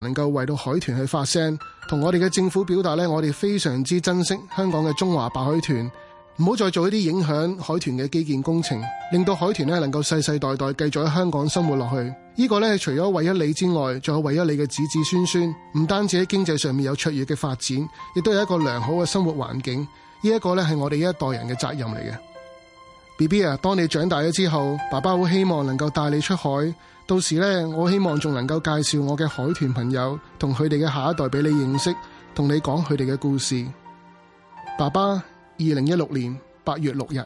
能夠為到海豚去發聲，同我哋嘅政府表達咧，我哋非常之珍惜香港嘅中華白海豚，唔好再做一啲影響海豚嘅基建工程，令到海豚咧能夠世世代代繼續喺香港生活落去。這個、呢個咧除咗為咗你之外，仲有為咗你嘅子子孫孫，唔單止喺經濟上面有卓越嘅發展，亦都有一個良好嘅生活環境。這個、呢一個咧係我哋一代人嘅責任嚟嘅。B B 啊，當你長大咗之後，爸爸好希望能夠帶你出海。到時咧，我希望仲能夠介紹我嘅海豚朋友同佢哋嘅下一代俾你認識，同你講佢哋嘅故事。爸爸，二零一六年八月六日。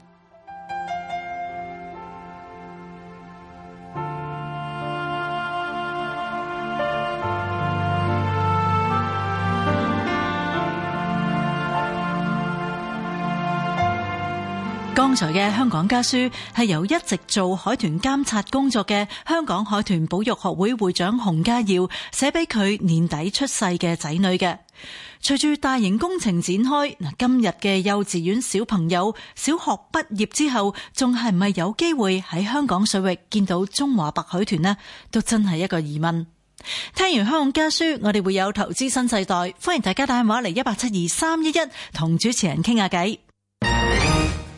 嘅香港家書係由一直做海豚監察工作嘅香港海豚保育學會會長洪家耀寫俾佢年底出世嘅仔女嘅。隨住大型工程展開，嗱今日嘅幼稚園小朋友，小學畢業之後，仲係唔係有機會喺香港水域見到中華白海豚呢？都真係一個疑問。聽完香港家書，我哋會有投資新世代，歡迎大家打電話嚟一八七二三一一同主持人傾下偈。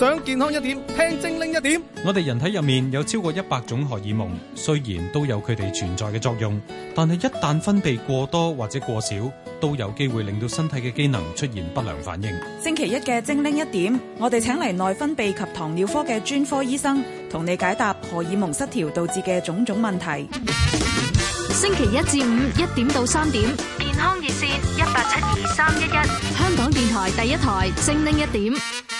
想健康一點，聽精靈一點。我哋人體入面有超過一百種荷爾蒙，雖然都有佢哋存在嘅作用，但係一旦分泌過多或者過少，都有機會令到身體嘅機能出現不良反應。星期一嘅精靈一點，我哋請嚟內分泌及糖尿科嘅專科醫生，同你解答荷爾蒙失調導致嘅種種問題。星期一至五一點到三點，健康熱線一八七二三一一，香港電台第一台精靈一點。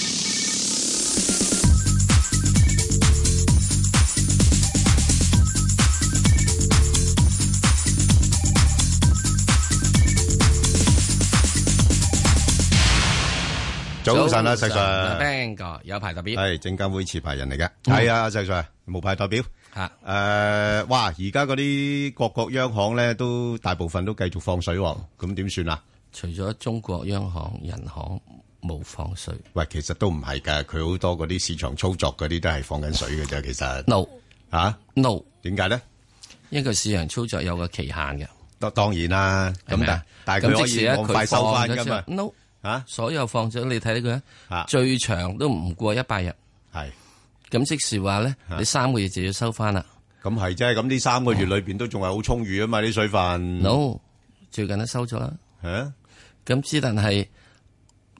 早晨啊，世 b 帥。彬哥有排代表係證監會持牌人嚟嘅，係啊，世帥冇牌代表吓。誒，哇！而家嗰啲各國央行咧，都大部分都繼續放水喎。咁點算啊？除咗中國央行、人行冇放水，喂，其實都唔係噶，佢好多嗰啲市場操作嗰啲都係放緊水嘅啫。其實 no 吓 no，點解咧？因為市場操作有個期限嘅，當當然啦，係咪啊？但係佢可以快收翻噶嘛？no。啊！所有放咗，你睇呢個啊，最長都唔過一百日。係是，咁即是話咧，啊、你三個月就要收翻啦。咁係即係咁，呢三個月裏邊都仲係好充裕啊嘛，啲水分。冇，no, 最近都收咗啦。啊，咁之但係，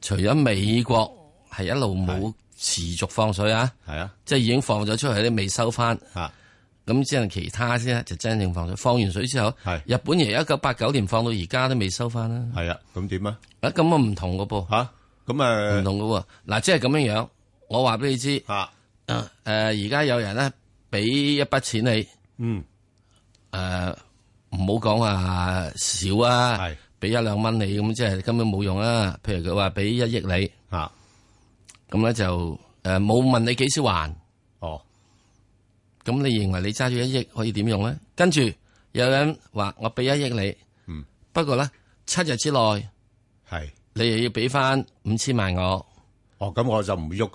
除咗美國係一路冇持續放水是啊，係啊，即係已經放咗出去啲未收翻啊。咁先係其他先就真正放水，放完水之後，係的日本人一九八九年放到而家都未收翻啦。係啊，咁點啊？啊，咁啊唔同噶噃吓，咁誒唔同噶喎。嗱，即係咁樣樣，我話俾你知吓，誒，而家有人咧俾一筆錢你，嗯，誒、啊，唔好講話少啊，係俾一兩蚊你咁，的即係根本冇用啊。譬如佢話俾一億你吓，咁咧、啊、就誒冇、啊、問你幾時還。咁你認為你揸住一億可以點用咧？跟住有人話我俾一億你，嗯，不過咧七日之內係是你又要俾翻五千萬我。哦，咁我就唔喐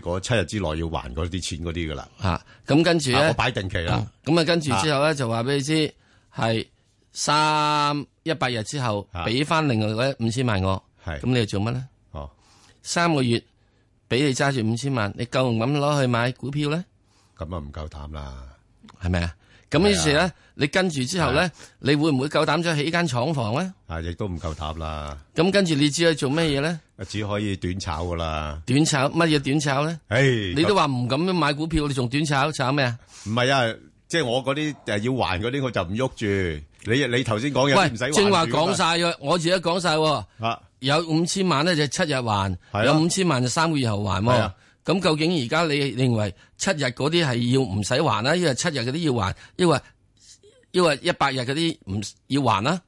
佢七日之內要還嗰啲錢嗰啲噶啦。吓，咁跟住咧、啊，我擺定期啦。咁啊，跟住之後咧就話俾你知，係三一百日之後俾翻另外嗰五千萬我。係是，咁你又做乜咧？哦、啊，三個月俾你揸住五千萬，你夠唔夠膽攞去買股票咧？咁啊，唔夠膽啦，係咪啊？咁於是咧，你跟住之後咧，你會唔會夠膽再起間廠房咧？啊，亦都唔夠膽啦。咁跟住你只可以做咩嘢咧？只可以短炒噶啦。短炒乜嘢短炒咧？唉，Hey, 你都話唔敢買股票，你仲短炒炒咩啊？唔係啊，即係我嗰啲誒要還嗰啲，我就唔喐住。你你頭先講嘢唔使正話講晒咗，我自己講晒喎。有五千萬咧就七日還，有五千萬就，千萬就三個月後還喎。咁究竟而家你認為七日嗰啲係要唔使還啦？因為七日嗰啲要還，因為因為一百日嗰啲唔要還啦，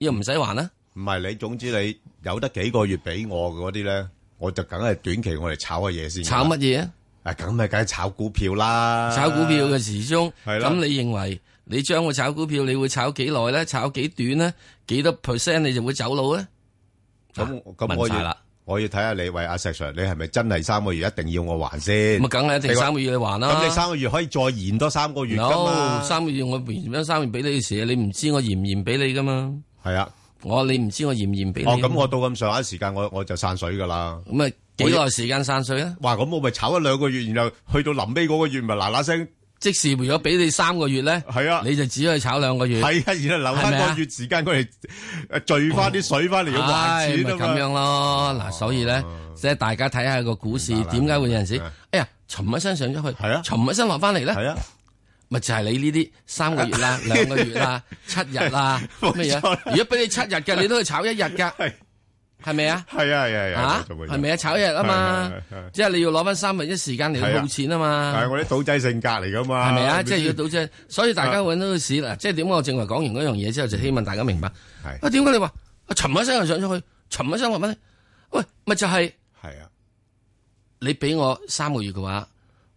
要唔使還啦？唔係你，總之你有得幾個月俾我嗰啲咧，我就梗係短期我哋炒下嘢先。炒乜嘢啊？啊，咁咪梗係炒股票啦！炒股票嘅時中，咁你認為你將會炒股票，你會炒幾耐咧？炒幾短咧？幾多 percent 你就會走佬咧？咁咁可以啦。我要睇下你，喂阿石 Sir，你係咪真係三個月一定要我還先？咁梗係一定三個月還、啊、你還啦。咁你三個月可以再延多三個月。冇、no, 三個月我延咗三個月俾你嘅時你嫌嫌你啊，你唔知我延唔延俾你噶嘛？係啊、哦，我你唔知我延唔延俾你。哦，咁我到咁上下時間，我我就散水噶啦。咁啊，幾耐時間散水啊？哇，咁我咪炒咗兩個月，然後去到臨尾嗰個月，咪嗱嗱聲。即時如果俾你三個月咧？係啊，你就只可以炒兩個月，係啊，而留翻個月時間佢哋誒聚翻啲水翻嚟咁樣咯，嗱，所以咧，即係大家睇下個股市點解會有陣時，哎呀，沉一身上咗去，係啊，沉一身落翻嚟咧，係啊，咪就係你呢啲三個月啦、兩個月啦、七日啦乜嘢？如果俾你七日嘅，你都可以炒一日噶。係咪啊？係啊係啊係啊，做係咪啊？炒一日啊嘛，即係你要攞翻三分一時間嚟賭錢啊嘛。係我啲賭仔性格嚟噶嘛。係咪啊？即係要賭仔，所以大家搵到個市嗱，即係點解我正話講完嗰樣嘢之後，就希望大家明白。係啊，點解、啊啊、你話、啊、沉一聲又上咗去，沉一聲話乜？喂，咪就係、是。係啊，你俾我三個月嘅話，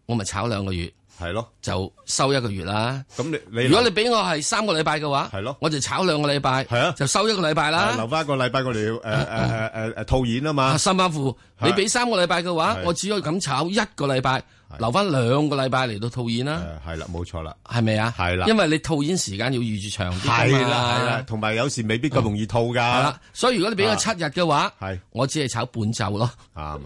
我咪炒兩個月。係咯，就收一個月啦。咁你，如果你俾我係三個禮拜嘅話，係咯，我就炒兩個禮拜。係啊，就收一個禮拜啦。留翻一個禮拜過嚟，誒誒誒誒套現啊嘛。三板斧，你俾三個禮拜嘅話，我只可以咁炒一個禮拜，留翻兩個禮拜嚟到套現啦。係啦，冇錯啦，係咪啊？係啦，因為你套現時間要預住長啲噶嘛。係啦，係啦，同埋有時未必咁容易套噶。所以如果你俾我七日嘅話，係，我只係炒半晝咯。啱啊。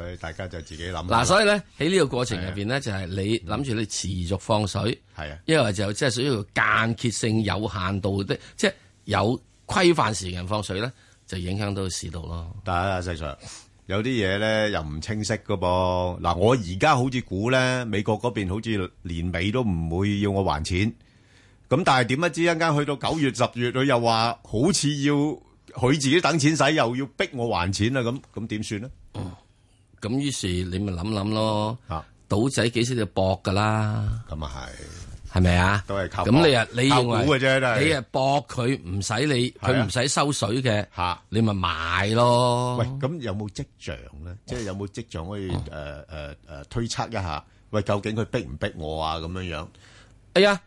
所以大家就自己諗。嗱，所以咧喺呢個過程入邊咧，是的 就係你諗住你持續放水，係啊，因為就即係屬於間歇性、有限度的，即係有規範時間放水咧，就影響到市道咯。但係阿 Sir，有啲嘢咧又唔清晰噶噃。嗱、啊，我而家好似估咧，美國嗰邊好似年尾都唔會要我還錢，咁但係點不知一陣間去到九月、十月，佢又話好似要佢自己等錢使，又要逼我還錢啦，咁咁點算呢？嗯咁於是你咪諗諗咯，賭仔幾時就搏噶啦，咁啊係，係咪啊？都係靠，咁你啊，你認為嘅啫你啊搏佢唔使你，佢唔使收水嘅，你咪買咯。喂，咁有冇跡象咧？即係有冇跡象可以誒誒誒推測一下？喂，究竟佢逼唔逼我啊？咁樣樣，哎呀！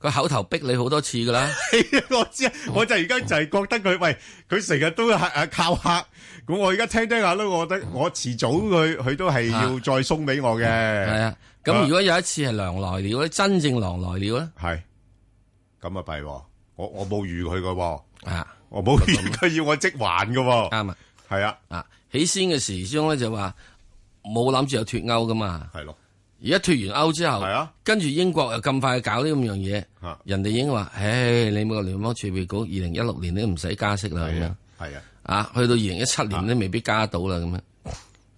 佢口頭逼你好多次噶啦， 我知，我就而家就係覺得佢喂，佢成日都係誒靠客，咁我而家聽聽下咯，我覺得我遲早佢佢都係要再送俾我嘅。係啊，咁、啊、如果有一次係狼來、啊、來了，真正狼來了咧，係咁啊弊，我我冇預佢噶，啊，啊我冇預佢要我即還噶，啱啊，係啊，啊，啊起先嘅時鐘咧就話冇諗住有脫歐噶嘛，係咯、啊。而家脱完歐之後，跟住英國又咁快搞呢咁樣嘢，人哋已經話，唉，你美國聯邦儲備局二零一六年都唔使加息啦，係啊，啊，去到二零一七年都未必加到啦咁樣。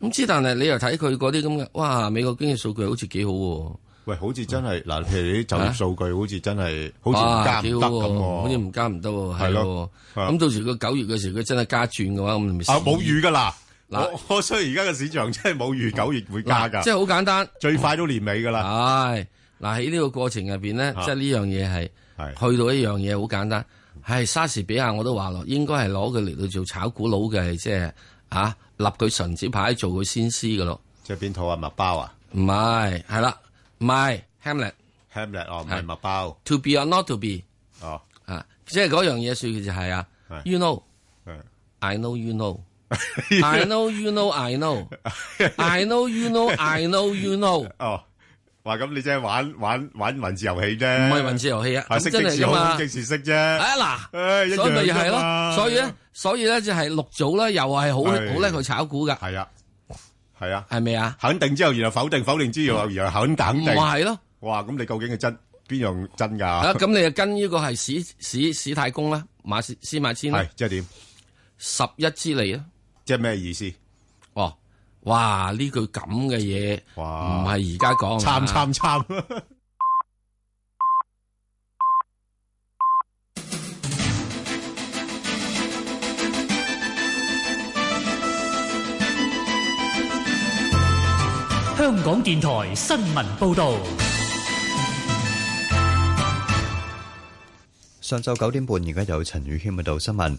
咁知，但係你又睇佢嗰啲咁嘅，哇，美國經濟數據好似幾好喎。喂，好似真係嗱，譬如啲就業數據好似真係好似唔加咁喎，好似唔加唔得喎，係咯。咁到時佢九月嘅時候，佢真係加轉嘅話，咁咪啊冇雨㗎啦。我我所以而家嘅市場真係冇預九月會加噶，即係好簡單，最快都年尾噶啦。係嗱喺呢個過程入邊咧，即係呢樣嘢係去到一樣嘢好簡單。唉，莎士比亞我都話咯，應該係攞佢嚟到做炒股佬嘅，即係啊立佢神主牌做佢先師噶咯。即係邊套啊？麥包啊？唔係，係啦，唔係 Hamlet。Hamlet 哦，唔係麥包。To be or not to be。哦。啊，即係嗰樣嘢說就係啊。You know。I know you know。I know you know I know I know you know I know you know，哦，話咁你真係玩玩玩文字遊戲啫，唔係文字遊戲啊，咁真係噶嘛？即時識啫，啊嗱，所以咪係咯，所以咧，所以咧就係六組咧，又係好好叻去炒股噶，係啊，係啊，係咪啊？肯定之後，然後否定，否定之後，然後肯定，咪係咯？哇，咁你究竟係真邊樣真噶？啊，咁你就跟呢個係史史史太公啦，馬司馬遷啦，係即係點？十一之利啊。即係咩意思？哦，哇！呢句咁嘅嘢，唔係而家講。參參參。 香港電台新聞報道。上晝九點半，而家有陳宇謙報道新聞。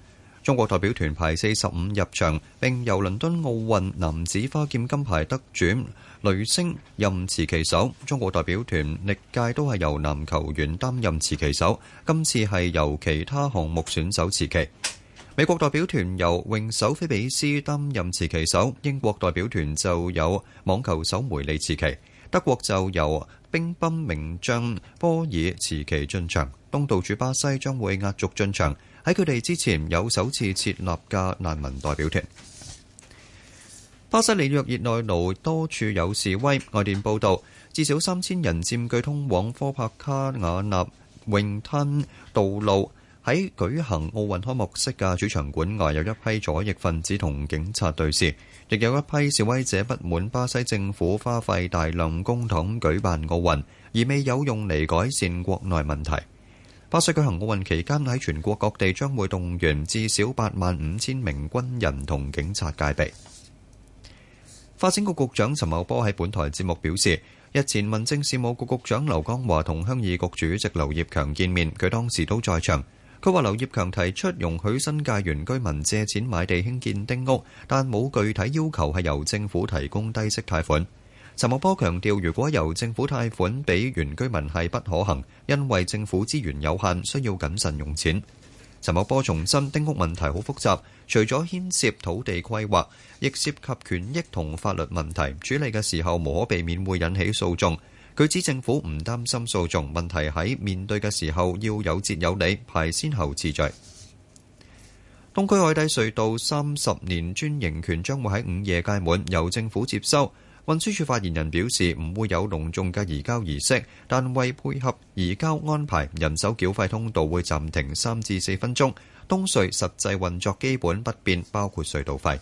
中國代表團排四十五入場，並由倫敦奧運男子花劍金牌得主雷聲任持旗手。中國代表團歷屆都係由男球員擔任持旗手，今次係由其他項目選手持旗。美國代表團由泳手菲比斯擔任持旗手，英國代表團就有網球手梅利持旗，德國就由乒乓名將波爾持旗進場。東道主巴西將會壓軸進場。喺佢哋之前有首次設立嘅難民代表團。巴西里約熱內盧多處有示威，外電報導，至少三千人佔據通往科帕卡瓦納泳灘道路。喺舉行奧運開幕式嘅主場館外，有一批左翼分子同警察對峙，亦有一批示威者不滿巴西政府花費大量公帑舉辦奧運，而未有用嚟改善國內問題。巴西舉行奧運期間，喺全國各地將會動員至少八萬五千名軍人同警察戒備。發展局局長陳茂波喺本台節目表示，日前民政事務局局，局長劉江華同鄉議局主席劉業強見面，佢當時都在場。佢話劉業強提出容許新界原居民借錢買地興建丁屋，但冇具體要求係由政府提供低息貸款。陳茂波強調，如果由政府貸款俾原居民係不可行，因為政府資源有限，需要謹慎用錢。陳茂波重申，丁屋問題好複雜，除咗牽涉土地規劃，亦涉及權益同法律問題。處理嘅時候無可避免會引起訴訟。據指政府唔擔心訴訟問題，喺面對嘅時候要有節有理，排先後次序。東區海底隧道三十年專營權將會喺午夜屆滿，由政府接收。運輸署發言人表示，唔會有隆重嘅移交儀式，但為配合移交安排，人手繳費通道會暫停三至四分鐘。東隧實際運作基本不變，包括隧道費。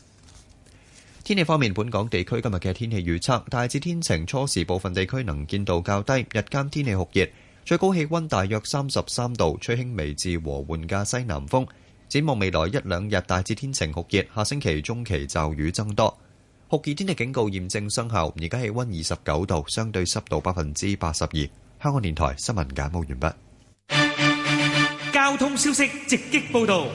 天氣方面，本港地區今日嘅天氣預測大致天晴，初時部分地區能見度較低，日間天氣酷熱，最高氣溫大約三十三度，吹輕微至和緩嘅西南風。展望未來一兩日，大致天晴酷熱，下星期中期驟雨增多。酷熱天氣警告驗證生效，而家氣溫二十九度，相對濕度百分之八十二。香港電台新聞簡報完畢。交通消息直擊報道。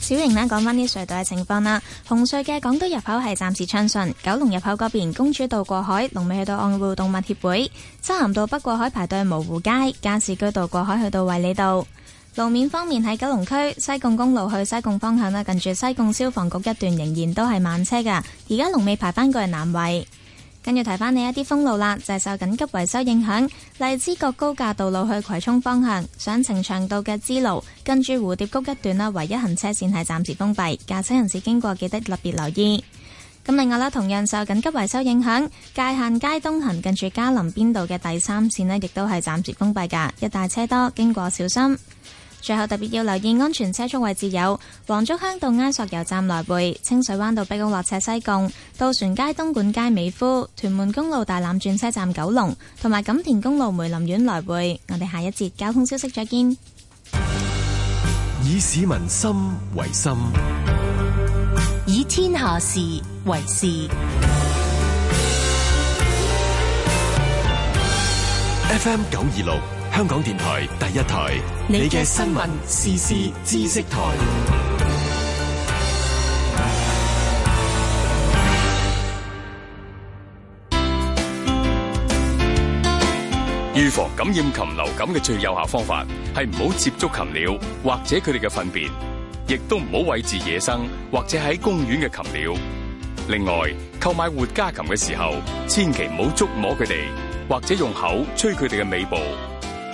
小瑩咧，講翻啲隧道嘅情況啦。紅隧嘅港島入口係暫時暢順，九龍入口嗰邊公主道過海，龍尾去到愛護動物協會，漆咸道北過海排隊，蕪湖街加士居道過海去到衛理道。路面方面喺九龍區西貢公路去西貢方向咧，近住西貢消防局一段仍然都係慢車嘅。而家龍尾排翻過去南圍，跟住提翻你一啲封路啦，就係、是、受緊急維修影響，荔枝角高架道路去葵涌方向上呈長道嘅支路，跟住蝴蝶谷一段啦，唯一行車線係暫時封閉，駕駛人士經過記得特別留意。咁，另外啦，同樣受緊急維修影響，界限街東行近住嘉林邊道嘅第三線呢，亦都係暫時封閉噶，一帶車多，經過小心。最後特別要留意安全車速位置，有黃竹坑道埃索油站來回、清水灣道碧宮落斜西貢、渡船街東莞街美孚、屯門公路大欖轉車站九龍，同埋錦田公路梅林苑來回。我哋下一節交通消息再見。以市民心為心，以天下事為事。F M 九二六。香港電台第一台，你嘅新聞時事知識台。預防感染禽流感嘅最有效方法係唔好接觸禽鳥，或者佢哋嘅糞便，亦都唔好餵飼野生或者喺公園嘅禽鳥。另外，購買活家禽嘅時候，千祈唔好觸摸佢哋，或者用口吹佢哋嘅尾部。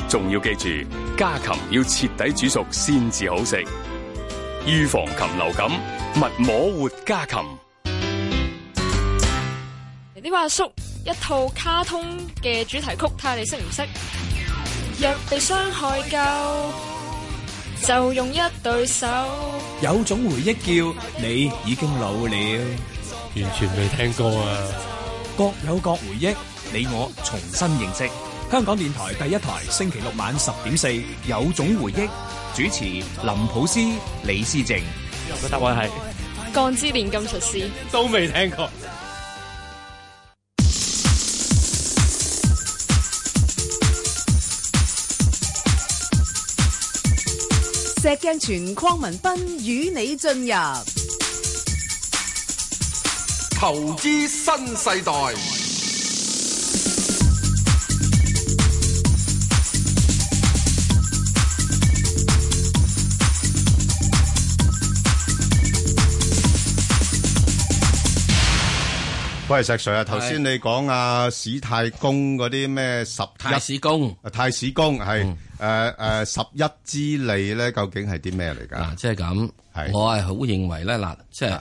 仲要記住，家禽要徹底煮熟先至好食。預防禽流感，勿摸活家禽。你話，阿叔一套卡通嘅主題曲，睇下你識唔識？若被傷害夠，就用一對手。有種回憶叫你已經老了，完全未聽過啊！各有各回憶，你我重新認識。香港電台第一台星期六晚十點四，有種回憶，主持林普思、李思靜。個答案係鋼之煉金術師，都未聽過。石鏡泉鄺民彬與你進入投資新世代。喂，石 Sir 是啊，頭先你講啊史太公嗰啲咩十太史公，啊太史公係誒誒十一之利咧，究竟係啲咩嚟噶？啊，即係咁，是我係好認為咧，嗱，即係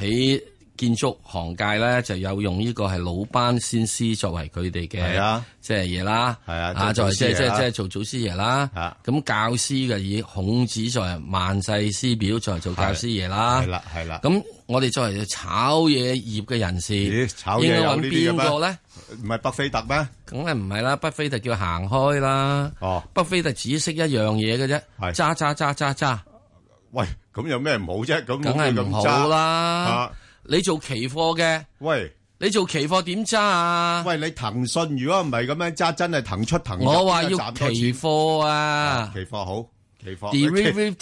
喺。是建築行界咧就有用呢個係魯班先師作為佢哋嘅即係嘢啦，係啊，啊作為即係即係即係做祖師爺啦，啊，咁教師嘅以孔子作為萬世師表作為做教師爺啦，係啦係啦。咁、啊啊啊、我哋作為炒嘢業嘅人士，炒嘢揾邊個咧？唔係巴菲特咩？梗係唔係啦？巴菲特叫行開啦，哦，巴菲特只識一樣嘢嘅啫，揸揸揸揸揸，揸揸揸揸揸揸喂，咁有咩唔好啫？咁梗係唔好啦。啊你做期貨嘅，喂，貨啊、喂，你做期貨點揸啊？喂，你騰訊如果唔係咁樣揸，真係騰出騰入。我話要期貨啊，期貨好，期貨。dividend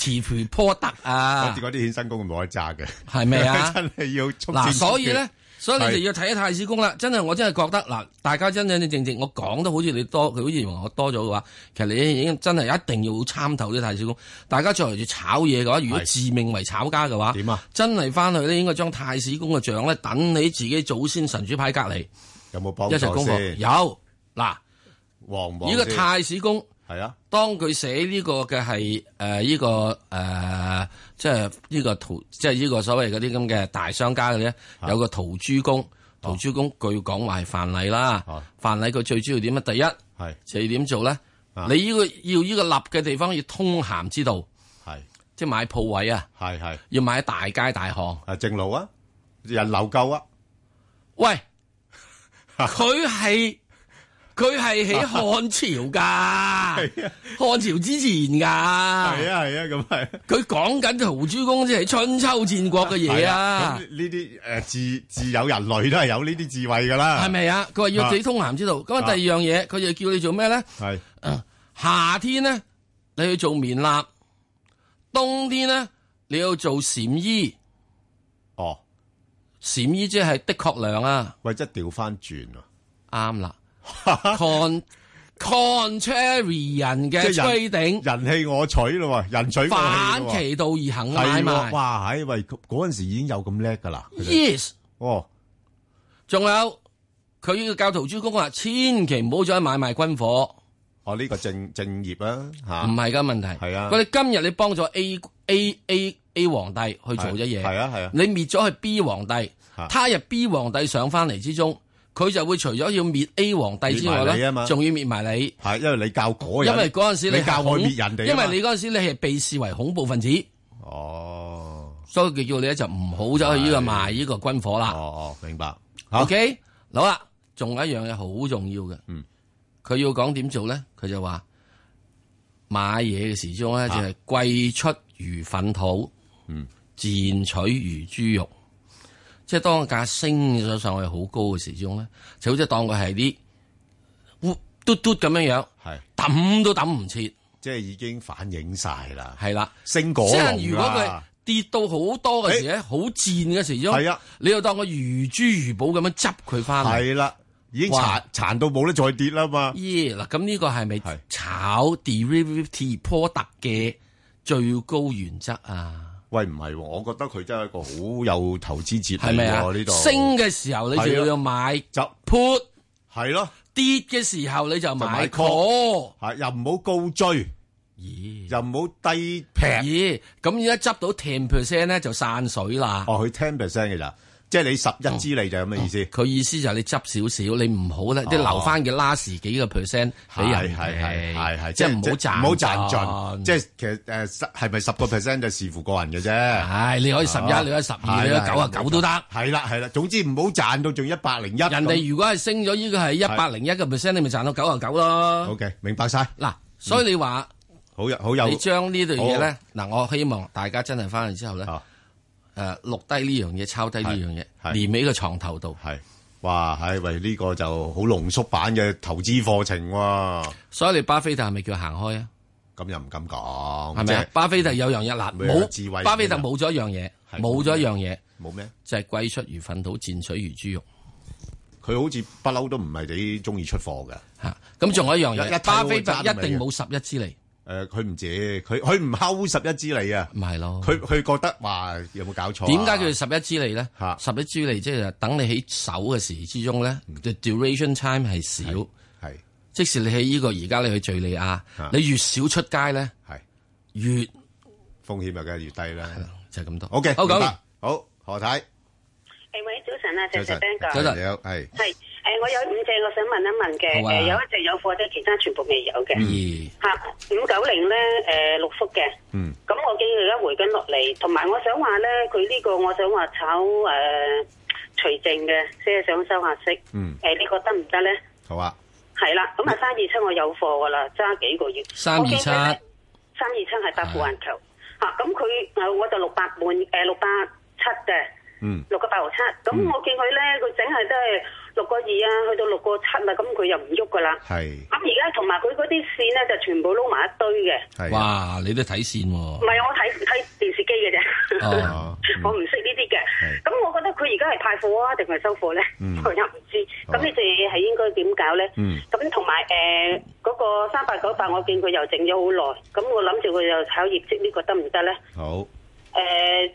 payout 啊， 我我啲衍生工冇得揸嘅，係咪嗎啊？真係要捉住。嗱，所以咧。所以你就要睇太史公啦，真係我真係覺得嗱，大家真真正正，正，正，正我講得好似你多，佢好似我多咗嘅話，其實你已經真係一定要參透啲太史公。大家再為住炒嘢嘅話，如果自命為炒家嘅話，點啊？真係翻去咧，應該將太史公嘅像咧，等你自己祖先神主牌隔籬。有冇綁錯先？有嗱，黃王呢個太史公。係啊，當佢寫呢個嘅係誒呢個誒，即係呢個圖，即係呢個所謂嗰啲咁嘅大商家嘅咧，的有個陶朱公。陶朱公據講話係范蠡啦。范蠡佢最主要點咧？第一，係就係點做咧？的你呢、這個要呢個立嘅地方要通咸之道，係的即係買鋪位啊，係係要買大街大巷，係正路啊，人流夠啊。喂，佢係。佢係喺漢朝噶，漢是、啊、朝之前噶。係是啊係啊，咁係。佢講緊陶朱公即係春秋戰國嘅嘢啊。呢啲誒自自有人類都係有呢啲智慧噶啦。係咪啊？佢話要死通函之道。咁是啊，第二樣嘢，佢就叫你做咩咧？係是、啊啊。夏天呢，你去做棉衲；冬天呢，你要做禪衣。哦，禪衣即係的確涼啊。為咗調翻轉啊。啱啦。 Contrarian 人嘅規定，鼎人氣我取咯，人取反其道而行啊，買賣。哇，喺、哎、喂嗰陣時已經有咁叻噶啦。Yes，哦，仲有佢教徒諸公話，千祈唔好再買賣軍火。我呢、哦這個正正業啦、啊，唔係噶問題。係啊，我哋今日你幫咗 a, a A A A 皇帝去做咗嘢，係啊係啊，啊啊你滅咗去 B 皇帝，他日 B 皇帝上翻嚟之中。佢就會除咗要滅 A 皇帝之外咧，仲要滅埋你。係因為你教嗰人，因為嗰陣時你，你教開滅人哋，因為你嗰陣時你係被視為恐怖分子。哦，所以佢叫你咧就唔好走去呢個賣呢個軍火啦。哦，明白。好 OK，好啦，仲有一樣嘢好重要嘅。嗯，佢要講點做咧？佢就話買嘢嘅時鐘咧就係貴出如糞土，嗯，賤取如豬肉。即係當個價升咗上去好高嘅時中咧，就好似當佢係啲嘟嘟咁樣樣，係抌的都抌唔切，即係已經反映晒啦。係啦的，升過、啊。即係如果佢跌到多、欸、好多嘅時咧，好賤嘅時中，係啊，你又當佢如珠如寶咁樣執佢翻嚟。係啦，已經殘殘到冇得再跌啦嘛。咦？嗱，咁呢個係咪炒 derivative product 嘅最高原則啊？喂，唔係喎，我覺得佢真係一個好有投資哲理喎、哦，呢度、啊、裡升嘅時候、啊、你就要買 put，就，就 put，係咯；跌嘅時候你就唔買 call，買 call、啊、又唔好高追，咦 Yeah,？又唔好低平，咦？咁而家執到 ten percent 咧就散水啦。哦，佢 ten percent 嘅咋？即係你十一之利就係咁嘅意思。佢意思就係你執少少，你唔好咧啲留翻嘅 last 幾個 percent 俾人。係係係係，即係唔好賺，唔好賺盡。即係其實誒，係咪十個 percent 就視乎個人嘅啫？係，你可以十一，你可以十二，你可以九十九都得。係啦係啦，總之唔好賺到仲一百零一。人哋如果係升咗依個係一百零一個 percent，你咪賺到九十九咯。OK，明白晒。嗱，所以你話好好有，你將呢對嘢咧嗱，我希望大家真係翻嚟之後咧。誒，錄低呢樣嘢，抄低呢樣嘢，連尾嘅床頭度。係，哇，唉，喂，呢個就好濃縮版嘅投資課程喎。所以，你巴菲特係咪叫行開啊？咁又唔敢講，係咪巴菲特有樣嘢嗱，冇巴菲特冇咗一樣嘢，冇咗一樣嘢，冇咩？就係貴出如糞土，賤取如珠玉。佢好似不嬲都唔係幾中意出貨嘅。吓，咁仲有一樣嘢，巴菲特一定冇十一之利。誒，佢唔止，佢佢唔收十一支利啊，唔係咯，佢佢覺得話有冇搞錯？點解叫十一支利咧？吓，十一支利即係等你起手嘅時之中咧 the duration time 係少，係，即使你喺呢個而家你去敘利亞，你越少出街咧，係，越風險咪梗係越低啦，就係咁多。OK，好咁啦，好何太，誒，早晨啊，謝謝丁哥，你係。誒，我有五隻，我想問一問嘅，誒有一隻有貨，即係其他全部未有嘅。吓，五九零咧，誒六福嘅。嗯。咁我見佢而家回緊落嚟，同埋我想話咧，佢呢個我想話炒誒除淨嘅，即係想收下息。嗯。誒你覺得唔得咧？好啊。係啦，咁啊三二七我有貨噶啦，揸幾個月。三二七，三二七係百富環球。吓，咁佢我就六八半，誒六八七嘅。嗯。六個八號七，咁我見佢咧，佢整係都係。六個二啊，去到六個七啦，咁佢又唔喐噶啦。係是。咁而家同埋佢嗰啲線咧，就全部撈埋一堆嘅。係、啊。哇！你都睇線喎、啊。唔係，我睇睇電視機嘅啫。哦、 我唔識呢啲嘅。係是。咁我覺得佢而家係派貨啊，定係收貨咧？佢、嗯、又唔知。咁你哋係應該點搞咧？嗯。咁同埋誒嗰個三百九八，我見佢又整咗好耐。咁我諗住佢又炒業績行行，呢個得唔得咧？好。誒誒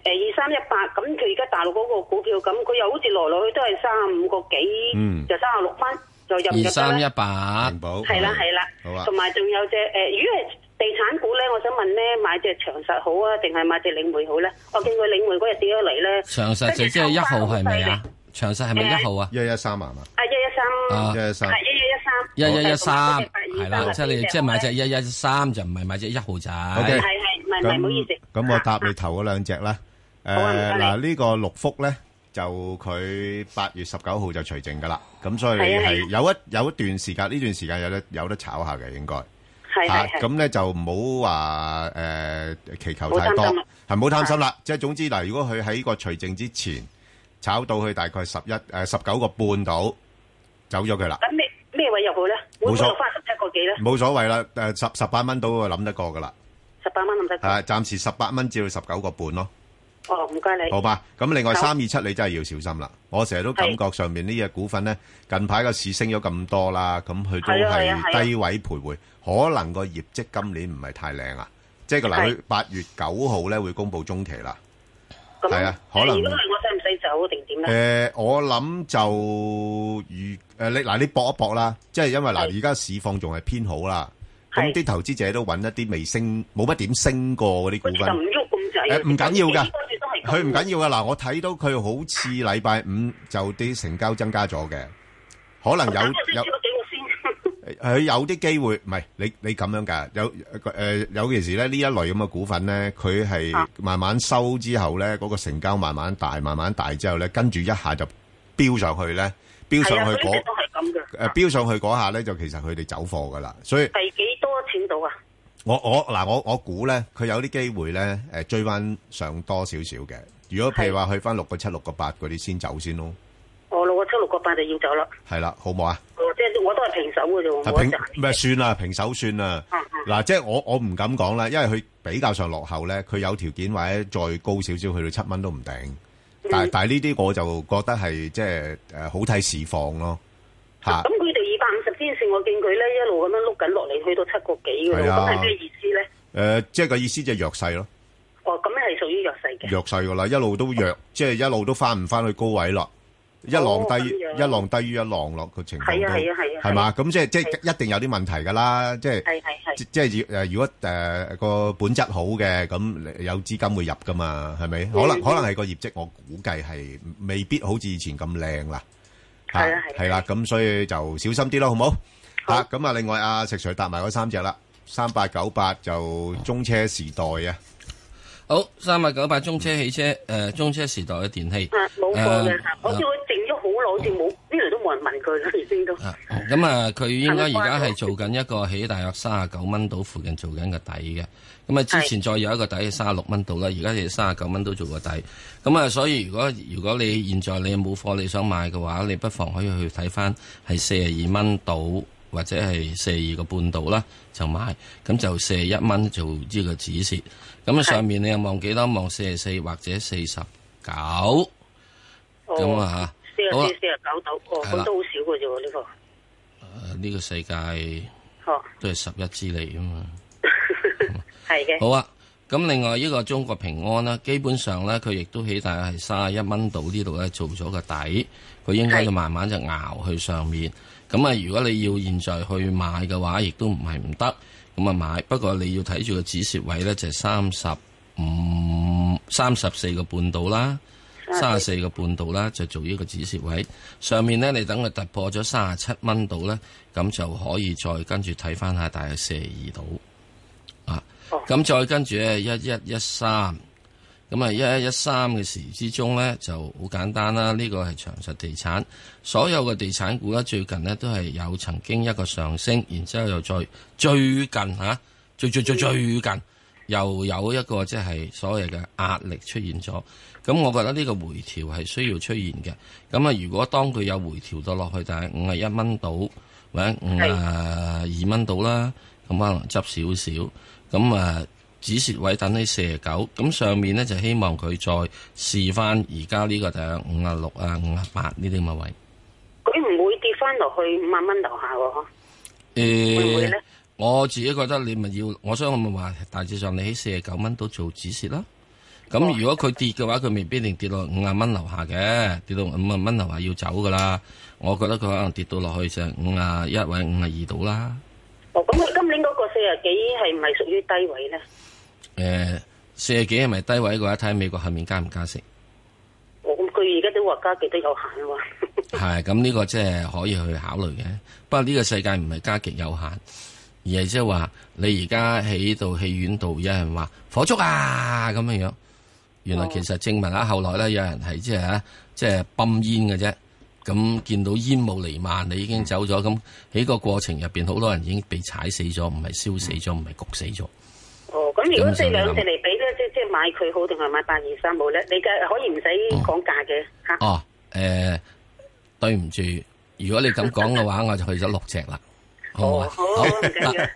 二三一八，咁佢而家大陸嗰個股票，咁佢又好似來來去都係三十五個幾，就三十六蚊，就入二三一八，平保係啦係啦，好啦。同埋仲有隻誒，如果係地產股咧，我想問咧，買隻長實好啊，定係買隻領匯好咧？我見佢領匯嗰日點樣嚟咧？長實就即係一號係咪啊？長實係咪一號啊？一一三嘛啊？啊一一三，一一三，一一一三，一一一三，係啦，即係你即係買隻一一三就唔係買隻一號咋。唔好意思，咁我答你頭嗰兩隻啦。誒嗱，呢個六福咧，就佢八月十九號就除淨噶啦。咁所以係有一有一段時間，呢段時間有得有得炒下嘅應該。係係係。咁咧就唔好話誒祈求太多，係好貪心啦。即係總之嗱，如果佢喺個除淨之前炒到佢大概十一誒十九個半度走咗佢啦。咁咩咩位入去咧？冇所花十七個幾咧？冇所謂啦。誒十十八蚊到我諗得過噶啦。十八蚊唔使，係嗯，暫時十八蚊至到十九個半咯。哦，唔該你。好吧，咁另外三二七你真係要小心啦。我成日都感覺上面呢隻股份咧，近排個市升咗咁多啦，咁佢都係低位徘徊，可能個業績今年唔係太靚啊。即係個嗱，八月九號咧會公佈中期啦。係啊的，可能。如果我使唔使走定點咧？誒、呃，我諗就如誒、呃，你嗱，你搏一搏啦。即係因為嗱，而家的市況仲係偏好啦。啲投資者都揾一啲未升，冇乜點升過嗰啲股份。唔喐咁滯，唔緊要㗎。佢唔緊要㗎。嗱，我睇到佢好似禮拜五就啲成交增加咗嘅，可能有有幾個先。佢有啲機會，唔係你你咁樣㗎。有誒有尤其是咧呢一類咁嘅股份咧，佢係慢慢收之後咧，嗰個成交慢慢大，慢慢大之後咧，跟住一下就飆上去咧，飆上去嗰誒飆上去嗰下咧，就其實佢哋走貨㗎啦。所以第幾？到啊！我我嗱我我估咧，佢有啲機會咧，誒、呃、追翻上、上多少少嘅。如果譬如話去翻六個七、六個八嗰啲，先走先咯。哦，六個七、六個八就要走啦。係啦，好唔好啊？即係我、我都係平手嘅啫。平咪算啦，平手算啊。嗱，即係我我唔敢講啦，因為佢比較上落後咧，佢有條件或者再高少少，去到七蚊都唔定。嗯、但係但係呢啲我就覺得係即係誒、呃、好睇市況咯。嚇！咁佢哋呢件事我見佢咧一路咁樣碌緊落嚟，去到七個幾，咁係咩意思咧？誒，即係個意思就弱勢咯。哦，咁係屬於弱勢嘅。弱勢噶啦，一路都弱，即係一路都翻唔翻去高位咯。一浪低，一浪低於一浪咯，個情況啊，係啊，係啊，係嘛？咁即係即係一定有啲問題噶啦。即係即係，即係如誒，如果誒個本質好嘅，咁有資金會入噶嘛？係咪？可能可能係個業績，我估計係未必好似以前咁靚啦。係啊，係啦，咁的所以就小心啲咯，好冇？好。咁好啊，另外阿、啊、石垂搭埋嗰三隻啦，三八九八就中車時代啊。好，三八九八中車汽車，誒、嗯呃、中車時代嘅電器。冇錯嘅，好似佢靜咗好耐，好似冇，呢輪、啊、都冇人問佢啦。咁啊，佢、嗯啊嗯啊、應該而家係做緊一個喺大約三十九蚊度附近做緊個底嘅。咁啊！之前再有一個底三十六蚊度啦，而家亦三十九蚊都做個底。咁啊，所以如果如果你現在你冇貨你想買嘅話，你不妨可以去睇翻係四十二蚊度或者係四十二個半度啦，就買。咁就四十一蚊做呢個止蝕。咁啊，上面你又望幾多？望四十四或者、哦、樣四十九。咁啊吓，四十四、四十九度，哦，都了好少嘅啫，呢、這個。呢、呃這個世界，都係十一之利啊嘛。好啊，咁另外呢個中國平安呢，基本上呢，佢亦都起大約係三十一蚊度呢度呢，做咗個底，佢應該就慢慢就熬去上面。咁啊的，如果你要現在去買嘅話，亦都唔係唔得。咁啊買，不過你要睇住個止蝕位呢，就三十五、三十四個半度啦，三十四個半度啦，的就做呢個止蝕位。上面呢，你等佢突破咗三十七蚊度呢，咁就可以再跟住睇翻下大約四十二度啊。咁再跟住咧一一一三，咁啊一一一三嘅時之中咧就好簡單啦。呢、這個係長實地產，所有嘅地產股咧最近咧都係有曾經一個上升，然之後又再最近嚇最最最最近又有一個即係、就是、所謂嘅壓力出現咗。咁我覺得呢個回調係需要出現嘅。咁啊，如果當佢有回調到落去，但係五啊一蚊到或者五啊二蚊到啦，咁是可能執少少。咁啊，止蝕位等喺四十九，咁上面咧就希望佢再試翻而家呢個就係五啊六啊五啊八呢啲咁嘅位。佢唔會跌翻落去五啊蚊樓下喎，欸、會唔會我自己覺得你咪要，我想我咪話大致上你喺四十九蚊度做止蝕啦。咁如果佢跌嘅話，佢未必定跌落五啊蚊樓下嘅，跌到五啊蚊樓下要走噶啦。我覺得佢可能跌到落去就五啊一或五啊二度啦。哦廿幾係唔係屬於低位咧？誒、呃，四廿幾係咪低位嘅話，睇美國後面加唔加息？我咁佢而家都話加極都有限喎、啊。係， 咁呢個即係可以去考慮嘅。不過呢個世界唔係加極有限，而係即係話你而家喺度戲院度有人話火燭啊咁樣樣，原來其實證明啦，哦、後來咧有人係即係吓，即係泵煙嘅啫。咁見到煙霧彌漫，你已經走咗。咁喺個過程入邊，好多人已經被踩死咗，唔係燒死咗，唔係焗死咗。哦，咁如果即係兩隻嚟比咧，即係即係買佢好定係買八二三好咧？你嘅可以唔使講價嘅吓。哦，誒，對唔住，如果你咁講嘅話，我就去咗六隻啦。哦，好，好，唔緊要。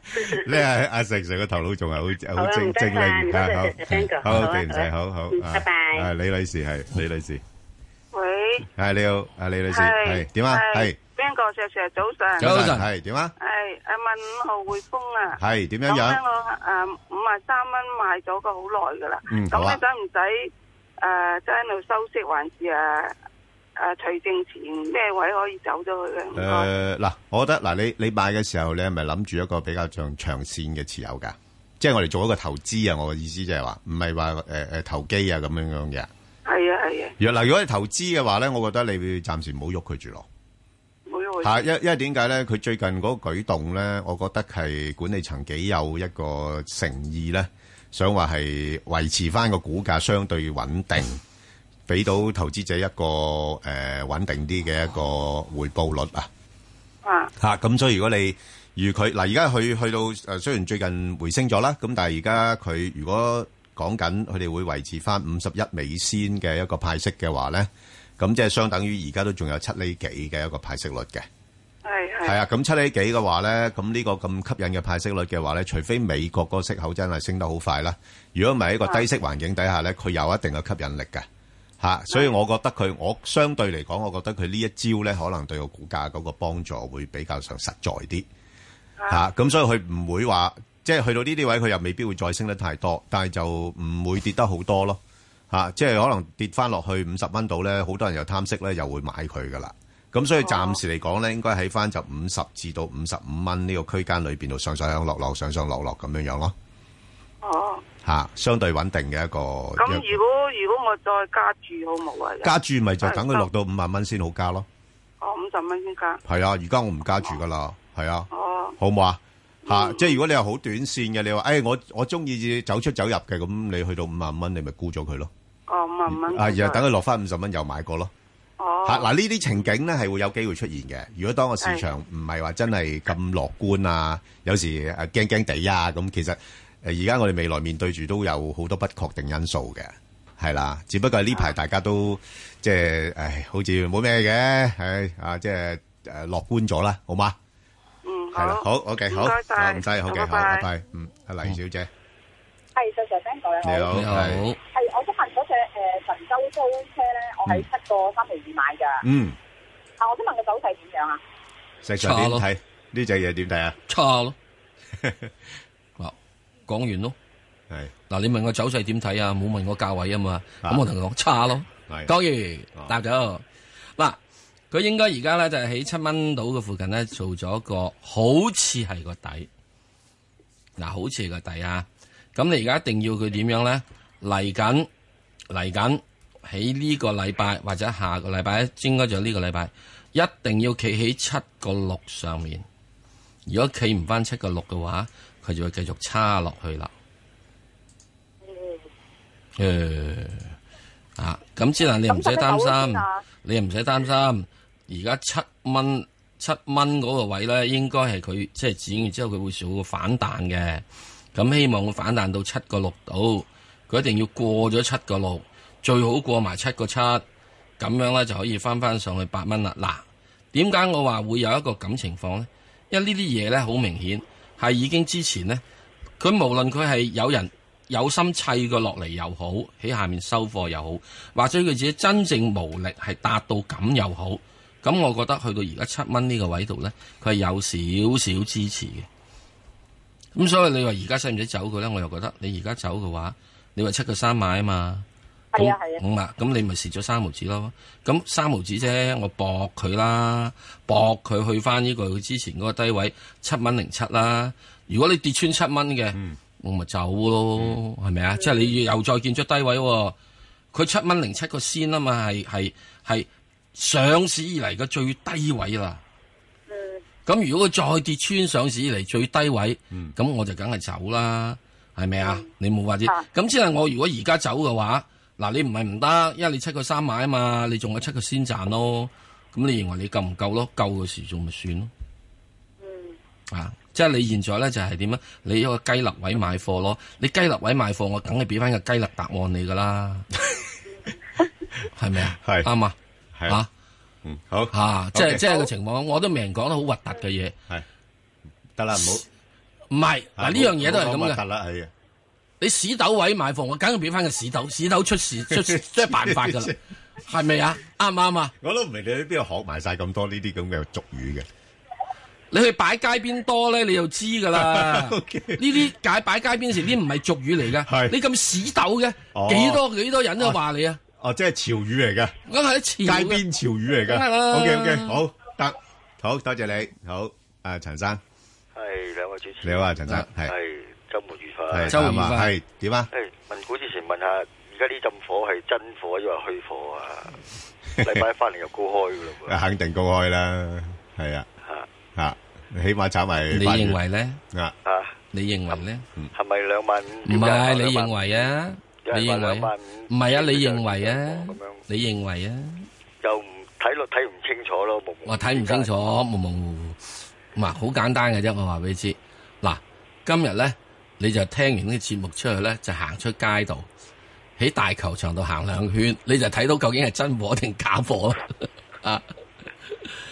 你阿阿成成個頭腦仲係好好精精明好好唔使好好拜拜。係李女士，係李女士。喂，係、哎、你好，阿李女士，係點是啊？係邊個？石 Sir，早晨，早晨係點啊？係阿問五號匯豐啊？係點、啊、樣樣、啊？誒五啊三蚊賣咗個好耐噶啦，咁、嗯、你使唔使誒再喺度收息，還是誒誒除正錢咩位可以走咗佢？咧、啊？誒嗱、呃，我覺得嗱、呃，你你買嘅時候，你係咪諗住一個比較長長線嘅持有噶？即、就、係、是、我哋做一個投資啊！我嘅意思就係話，唔係話誒誒投機啊咁樣樣嘅。係啊係啊，若嗱，如果你投資嘅話咧，我覺得你暫時唔好喐佢住咯。冇喐吓，一、啊、因為點解咧？佢最近嗰個舉動咧，我覺得係管理層幾有一個誠意咧，想話係維持翻個股價相對穩定，俾 到投資者一個誒穩、呃、定啲嘅一個回報率啊。啊，吓、啊，咁所以如果你如佢嗱，而家佢去到誒，雖然最近回升咗啦，咁但係而家佢如果。講緊佢哋會維持返五十一美仙嘅一個派息嘅話呢，咁即係相等於而家都仲有七厘幾嘅一個派息率嘅。係啊，咁七厘幾嘅話呢，咁呢個咁吸引嘅派息率嘅話呢，除非美國嗰個息口真係升得好快啦。如果唔係一個低息環境底下呢，佢的有一定嘅吸引力嘅嚇。的所以我覺得佢，我相對嚟講，我覺得佢呢一招呢，可能對個股價嗰個幫助會比較上實在啲嚇。咁的的所以佢唔會話。即係去到呢啲位，佢又未必會再升得太多，但係就唔會跌得好多咯。吓、啊，即係可能跌翻落去五十蚊度咧，好多人又貪息咧，又會買佢噶啦。咁所以暫時嚟講咧，哦、應該喺翻就五十至到五十五蚊呢個區間裏邊度上上落落、上上落落咁樣樣咯。哦，吓、啊，相對穩定嘅一個。咁如果如果我再加注好好，好冇啊？加注咪就等佢落到五十蚊先好加咯。哦，五十蚊先加。係啊，而家我唔加注噶啦，係、哦、啊。哦。好唔好啊？吓，嗯、即係如果你係好短線嘅，你話，誒、哎，我我中意走出走入嘅，咁你去到五萬蚊，你咪沽咗佢咯。哦，五萬蚊。而啊，又等佢落翻五十蚊又買過咯。哦。吓、啊，嗱呢啲情景咧係會有機會出現嘅。如果當個市場唔係話真係咁樂觀、哎、啊，有時誒驚驚地啊，咁、啊、其實誒而家我哋未來面對住都有好多不確定因素嘅，係啦。只不過呢排大家都即係誒，好似冇咩嘅，誒啊，即係誒樂觀咗啦，好嗎？係啦，好，OK，好，唔該晒，唔好拜拜。係，嗯，係黎小姐，係，就成日聽你講，你好，你好，係，我都問嗰隻誒神州租車咧，我喺七個三零二買噶，嗯，啊，我想問個走勢點樣啊，石生點睇？呢隻嘢點睇啊？差咯，哦，講完咯，係，嗱，你問我走勢點睇啊？冇問我價位啊嘛，咁我同你講差咯，當然，答咗。佢應該而家咧就係喺七蚊到嘅附近咧做咗個好似係個底，嗱、啊、好似係個底啊！咁你而家一定要佢點樣咧？嚟緊嚟緊喺呢個禮拜或者下個禮拜，應該就呢個禮拜，一定要企喺七個六上面。如果企唔翻七個六嘅話，佢就會繼續叉落去啦。誒、嗯、啊！咁之啦，嗯、你唔使擔心，嗯、你又唔使擔心。嗯而家七蚊七蚊，嗰個位呢，應該係佢，即係剪完之後佢會少個反彈嘅。咁希望會反彈到七個六度，佢一定要過咗七個六，最好過埋七個七，咁樣呢就可以翻翻上去八蚊啦。嗱，點解我話會有一個咁情況呢？因為呢啲嘢呢好明顯係已經之前呢，佢無論佢係有人有心砌個落嚟又好，喺下面收貨又好，或者佢自己真正無力係達到咁又好。咁、嗯、我覺得去到而家七蚊呢個位度咧，佢係有少少支持嘅。咁、嗯、所以你話而家使唔使走佢咧？我又覺得你而家走嘅話，你話七個三買啊嘛。係啊啊。五啊，咁你咪蝕咗三毫紙咯。咁三毫紙啫，我搏佢啦，搏佢去翻呢個佢之前嗰個低位七蚊零七啦。如果你跌穿七蚊嘅，我咪走咯，係咪啊？即、嗯、係、嗯、你又再見咗低位喎。佢七蚊零七個先啊嘛，係係係。上市以嚟嘅最低位啦，嗯，咁如果佢再跌穿上市以嚟最低位，嗯，咁我就梗係走啦，係咪啊？你冇話啲，咁即係我如果而家走嘅話，嗱，你唔係唔得，因為你七個三買啊嘛，你仲有七個先賺咯，咁你認為你夠唔夠咯？夠嘅時仲咪算咯，嗯，啊，即係你現在咧就係點樣？你一個雞肋位買貨咯，你雞肋位買貨，我梗係俾翻個雞肋答案你噶啦，係咪啊？係啱啊。係啊，嗯，好啊，即係即係個情況，我都明講得好核突嘅嘢係得啦，唔好唔係嗱呢樣嘢都係咁嘅，核突啦係啊！你屎斗位買房，我梗要俾翻個屎斗，屎斗出事出即係辦法噶啦，係咪啊？啱唔啱啊？我都唔明你喺邊度學埋晒咁多呢啲咁嘅俗語嘅。你去擺街邊多咧，你就知噶啦。呢啲解擺街邊時，呢唔係俗語嚟嘅。你咁屎斗嘅，幾多幾多人都話你啊！哦，即係潮語嚟噶，街邊潮語嚟噶。O K O K，好得，好多謝你，好，啊陳生，係兩個主持，你好啊陳生，係周末愉快，周末愉快係點啊？問股之前問下，而家呢陣火係真火抑或虛火啊？禮拜一翻嚟又高開噶啦，肯定高開啦，係啊，吓，起碼炒埋。你認為咧？啊，你認為咧？係咪兩萬五點？唔係，你認為啊？你認為唔係啊？你認為啊？你認為啊？就唔睇落睇唔清楚咯，我睇唔清楚，模模糊糊。唔係好簡單嘅啫，我話俾你知。嗱，今日咧，你就聽完呢節目出去咧，就行出街度，喺大球場度行兩圈，你就睇到究竟係真貨定假貨啊。啊，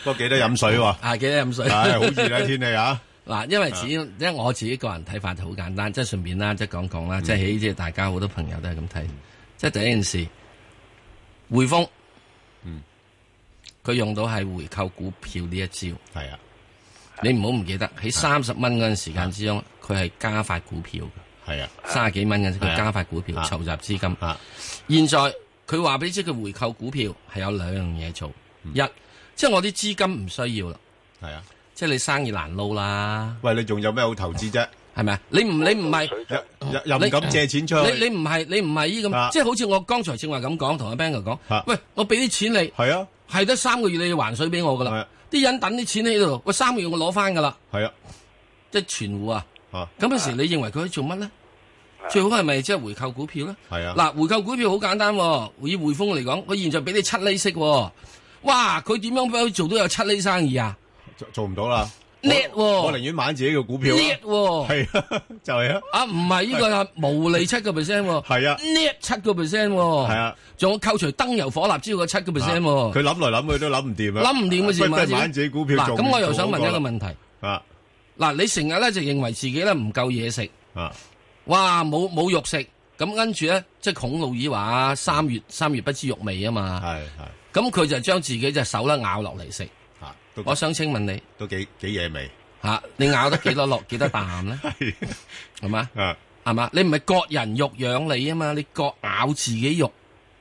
不過幾多飲水喎？啊，幾多飲水？係好熱啦，天氣啊！嗱，因為自己即係我自己個人睇法就好簡單，即係順便啦，即係講講啦，即係呢啲，大家好多朋友都係咁睇，即係第一件事，匯豐，嗯，佢用到係回購股票呢一招，係啊，你唔好唔記得喺三十蚊嗰陣時間之中，佢係加發股票，係啊，三十幾蚊嘅佢加發股票，籌集資金，啊，現在佢話俾你知，佢回購股票係有兩樣嘢做，一即係我啲資金唔需要啦，係啊。即係你生意難撈啦。喂，你仲有咩好投資啫？係咪啊？你唔你唔係又唔敢借錢出去？你唔係你唔係依咁，即係好似我剛才正話咁講，同阿 Ben 哥講。喂，我俾啲錢你，係啊，係得三個月你要還水俾我噶啦。啲人等啲錢喺度，喂，三個月我攞翻噶啦。係啊，即係存戶啊。吓咁嗰時你認為佢做乜咧？最好係咪即係回購股票咧？係啊。嗱，回購股票好簡單。以匯豐嚟講，我現在俾你七厘息。哇，佢點樣俾佢做到有七厘生意啊？做唔到啦！叻，我寧願買自己嘅股票。叻，係啊，就係啊。啊，唔係呢個係無利七個 percent，係啊，叻七個 percent，係啊，仲有扣除燈油火蠟之後嘅七個 percent。佢諗來諗去都諗唔掂啊！諗唔掂嘅事，咪買自己股票做。咁我又想問一個問題啊！嗱，你成日咧就認為自己咧唔夠嘢食啊！哇，冇冇肉食，咁跟住咧即係孔老二話三月三月不知肉味啊嘛。係係。咁佢就將自己隻手咧咬落嚟食。都我想請問你，都幾幾嘢味吓？你咬得幾多落幾 多啖咧？係，係嘛？啊，係嘛？你唔係割人肉養你啊嘛？你割咬自己肉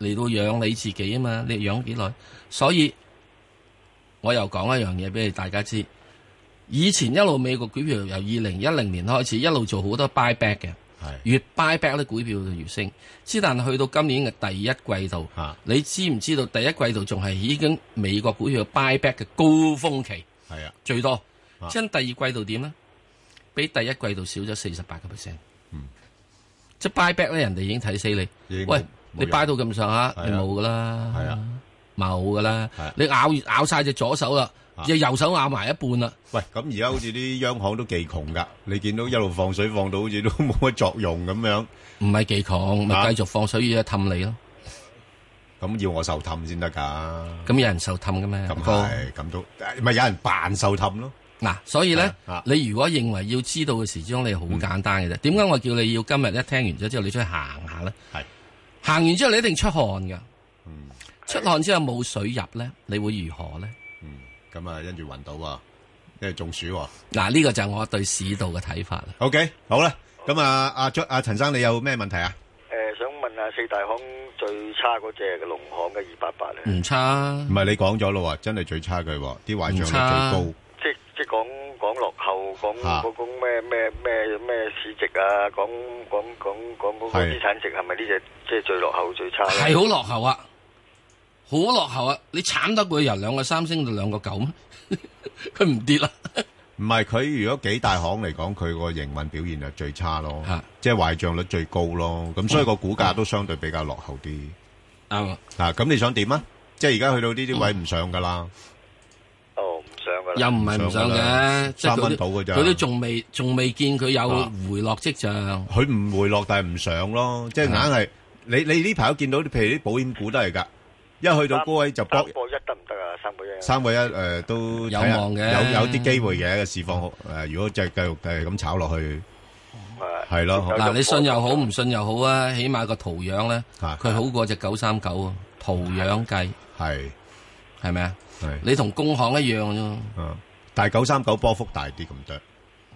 嚟到養你自己啊嘛？你養幾耐？所以我又講一樣嘢俾你大家知，以前一路美國股票由二零一零年開始一路做好多 buy back 嘅。越 buyback 啲股票就越升，之但去到今年嘅第一季度，的你知唔知道？第一季度仲係已經美國股票 buyback 嘅高峰期，係啊，最多。咁的第二季度點咧？比第一季度少咗四十八個 percent。嗯，即係 buyback 咧，人哋已經睇死你。應該 喂，用你 buy 到咁上下，的你冇㗎啦，冇㗎啦，你咬咬晒隻左手啦。隻右手咬埋一半啦！喂，咁而家好似啲央行都幾窮噶，你見到一路放水放到好似都冇乜作用咁樣。唔係幾窮，咪繼續放水而家氹你咯。咁要我受氹先得噶。咁有人受氹嘅咩？咁係，咁都咪有人扮受氹咯。嗱，所以咧，你如果認為要知道嘅時鐘，你好簡單嘅啫。點解我叫你要今日一聽完咗之後，你出去行下咧？係行完之後，你一定出汗噶。嗯，出汗之後冇水入咧，你會如何咧？咁啊，跟住暈到，啊，跟住中暑、喔。嗱，呢、這個就係我對市道嘅睇法啦。O、okay, K，好啦，咁啊，阿阿陳生，你有咩問題啊？誒、呃，想問下四大行最差嗰隻嘅農行嘅二八八咧？唔差、啊，唔係你講咗咯？真係最差佢，啲壞賬都最高。啊、即即講講落後，講嗰咩咩咩咩市值啊，講講講講嗰個資產值係咪呢隻即係最落後最差咧？係好落後啊！好落後啊！你慘得過由兩個三星到兩個九咩？佢唔跌啦，唔係佢如果幾大行嚟講，佢個營運表現就最差咯，即係壞賬率最高咯。咁所以個股價都相對比較落後啲。啱嗱，咁你想點啊？即係而家去到呢啲位唔上噶啦。哦，唔上噶啦，又唔係唔上嘅，三蚊到噶啫。佢都仲未仲未見佢有回落跡象。佢唔回落，但係唔上咯，即係硬係。你你呢排有見到，譬如啲保險股都係噶。一去到高位就波波，一得唔得啊？三個一，三個一誒，都有望嘅，有有啲機會嘅市況。誒，如果再繼續繼續咁炒落去，係係咯。嗱，你信又好，唔信又好啊。起碼個圖樣咧，佢好過隻九三九啊。圖樣計係係咪啊？係你同工行一樣啫。嗯，但係九三九波幅大啲咁多。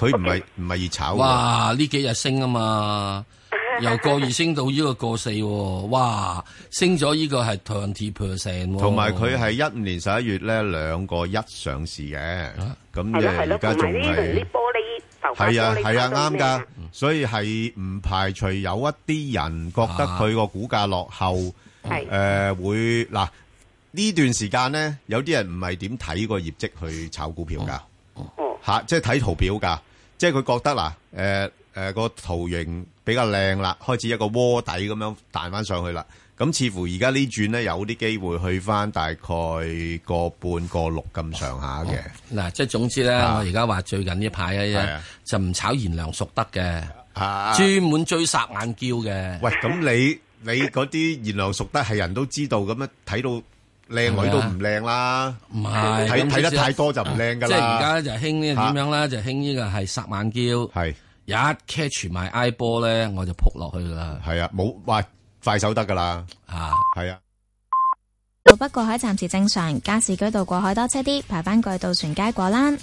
佢唔係唔係熱炒嘅。哇！呢幾日升啊嘛，由個二升到呢個個四，哦，哇！升咗，哦，呢個係 twenty percent。同埋佢係一五年十一月咧兩個一上市嘅，咁而家仲係。同呢輪啲玻璃係啊係啊啱噶，所以係唔排除有一啲人覺得佢個股價落後，誒會嗱呢段時間咧，有啲人唔係點睇個業績去炒股票噶，吓即係睇圖表噶。即係佢覺得嗱，誒誒個圖形比較靚啦，開始一個鍋底咁樣彈翻上去啦。咁似乎而家呢轉咧有啲機會去翻大概個半個六咁上下嘅嗱。即係總之咧，我而家話最近呢排咧就唔炒賢良淑德嘅，專門追殺眼焦嘅。喂，咁你你嗰啲賢良淑德係人都知道咁樣睇到。靚女都唔靚啦，唔係，睇得太多就唔靚噶啦。即係而家就興呢點樣啦？就興呢個係撒猛嬌，係一 catch 埋 I 波咧，我就撲落去啦。係啊，冇喂快手得噶啦，啊係啊。啊路北過海暫時正常，加士居道過海多車啲，排班過去渡船街過欄。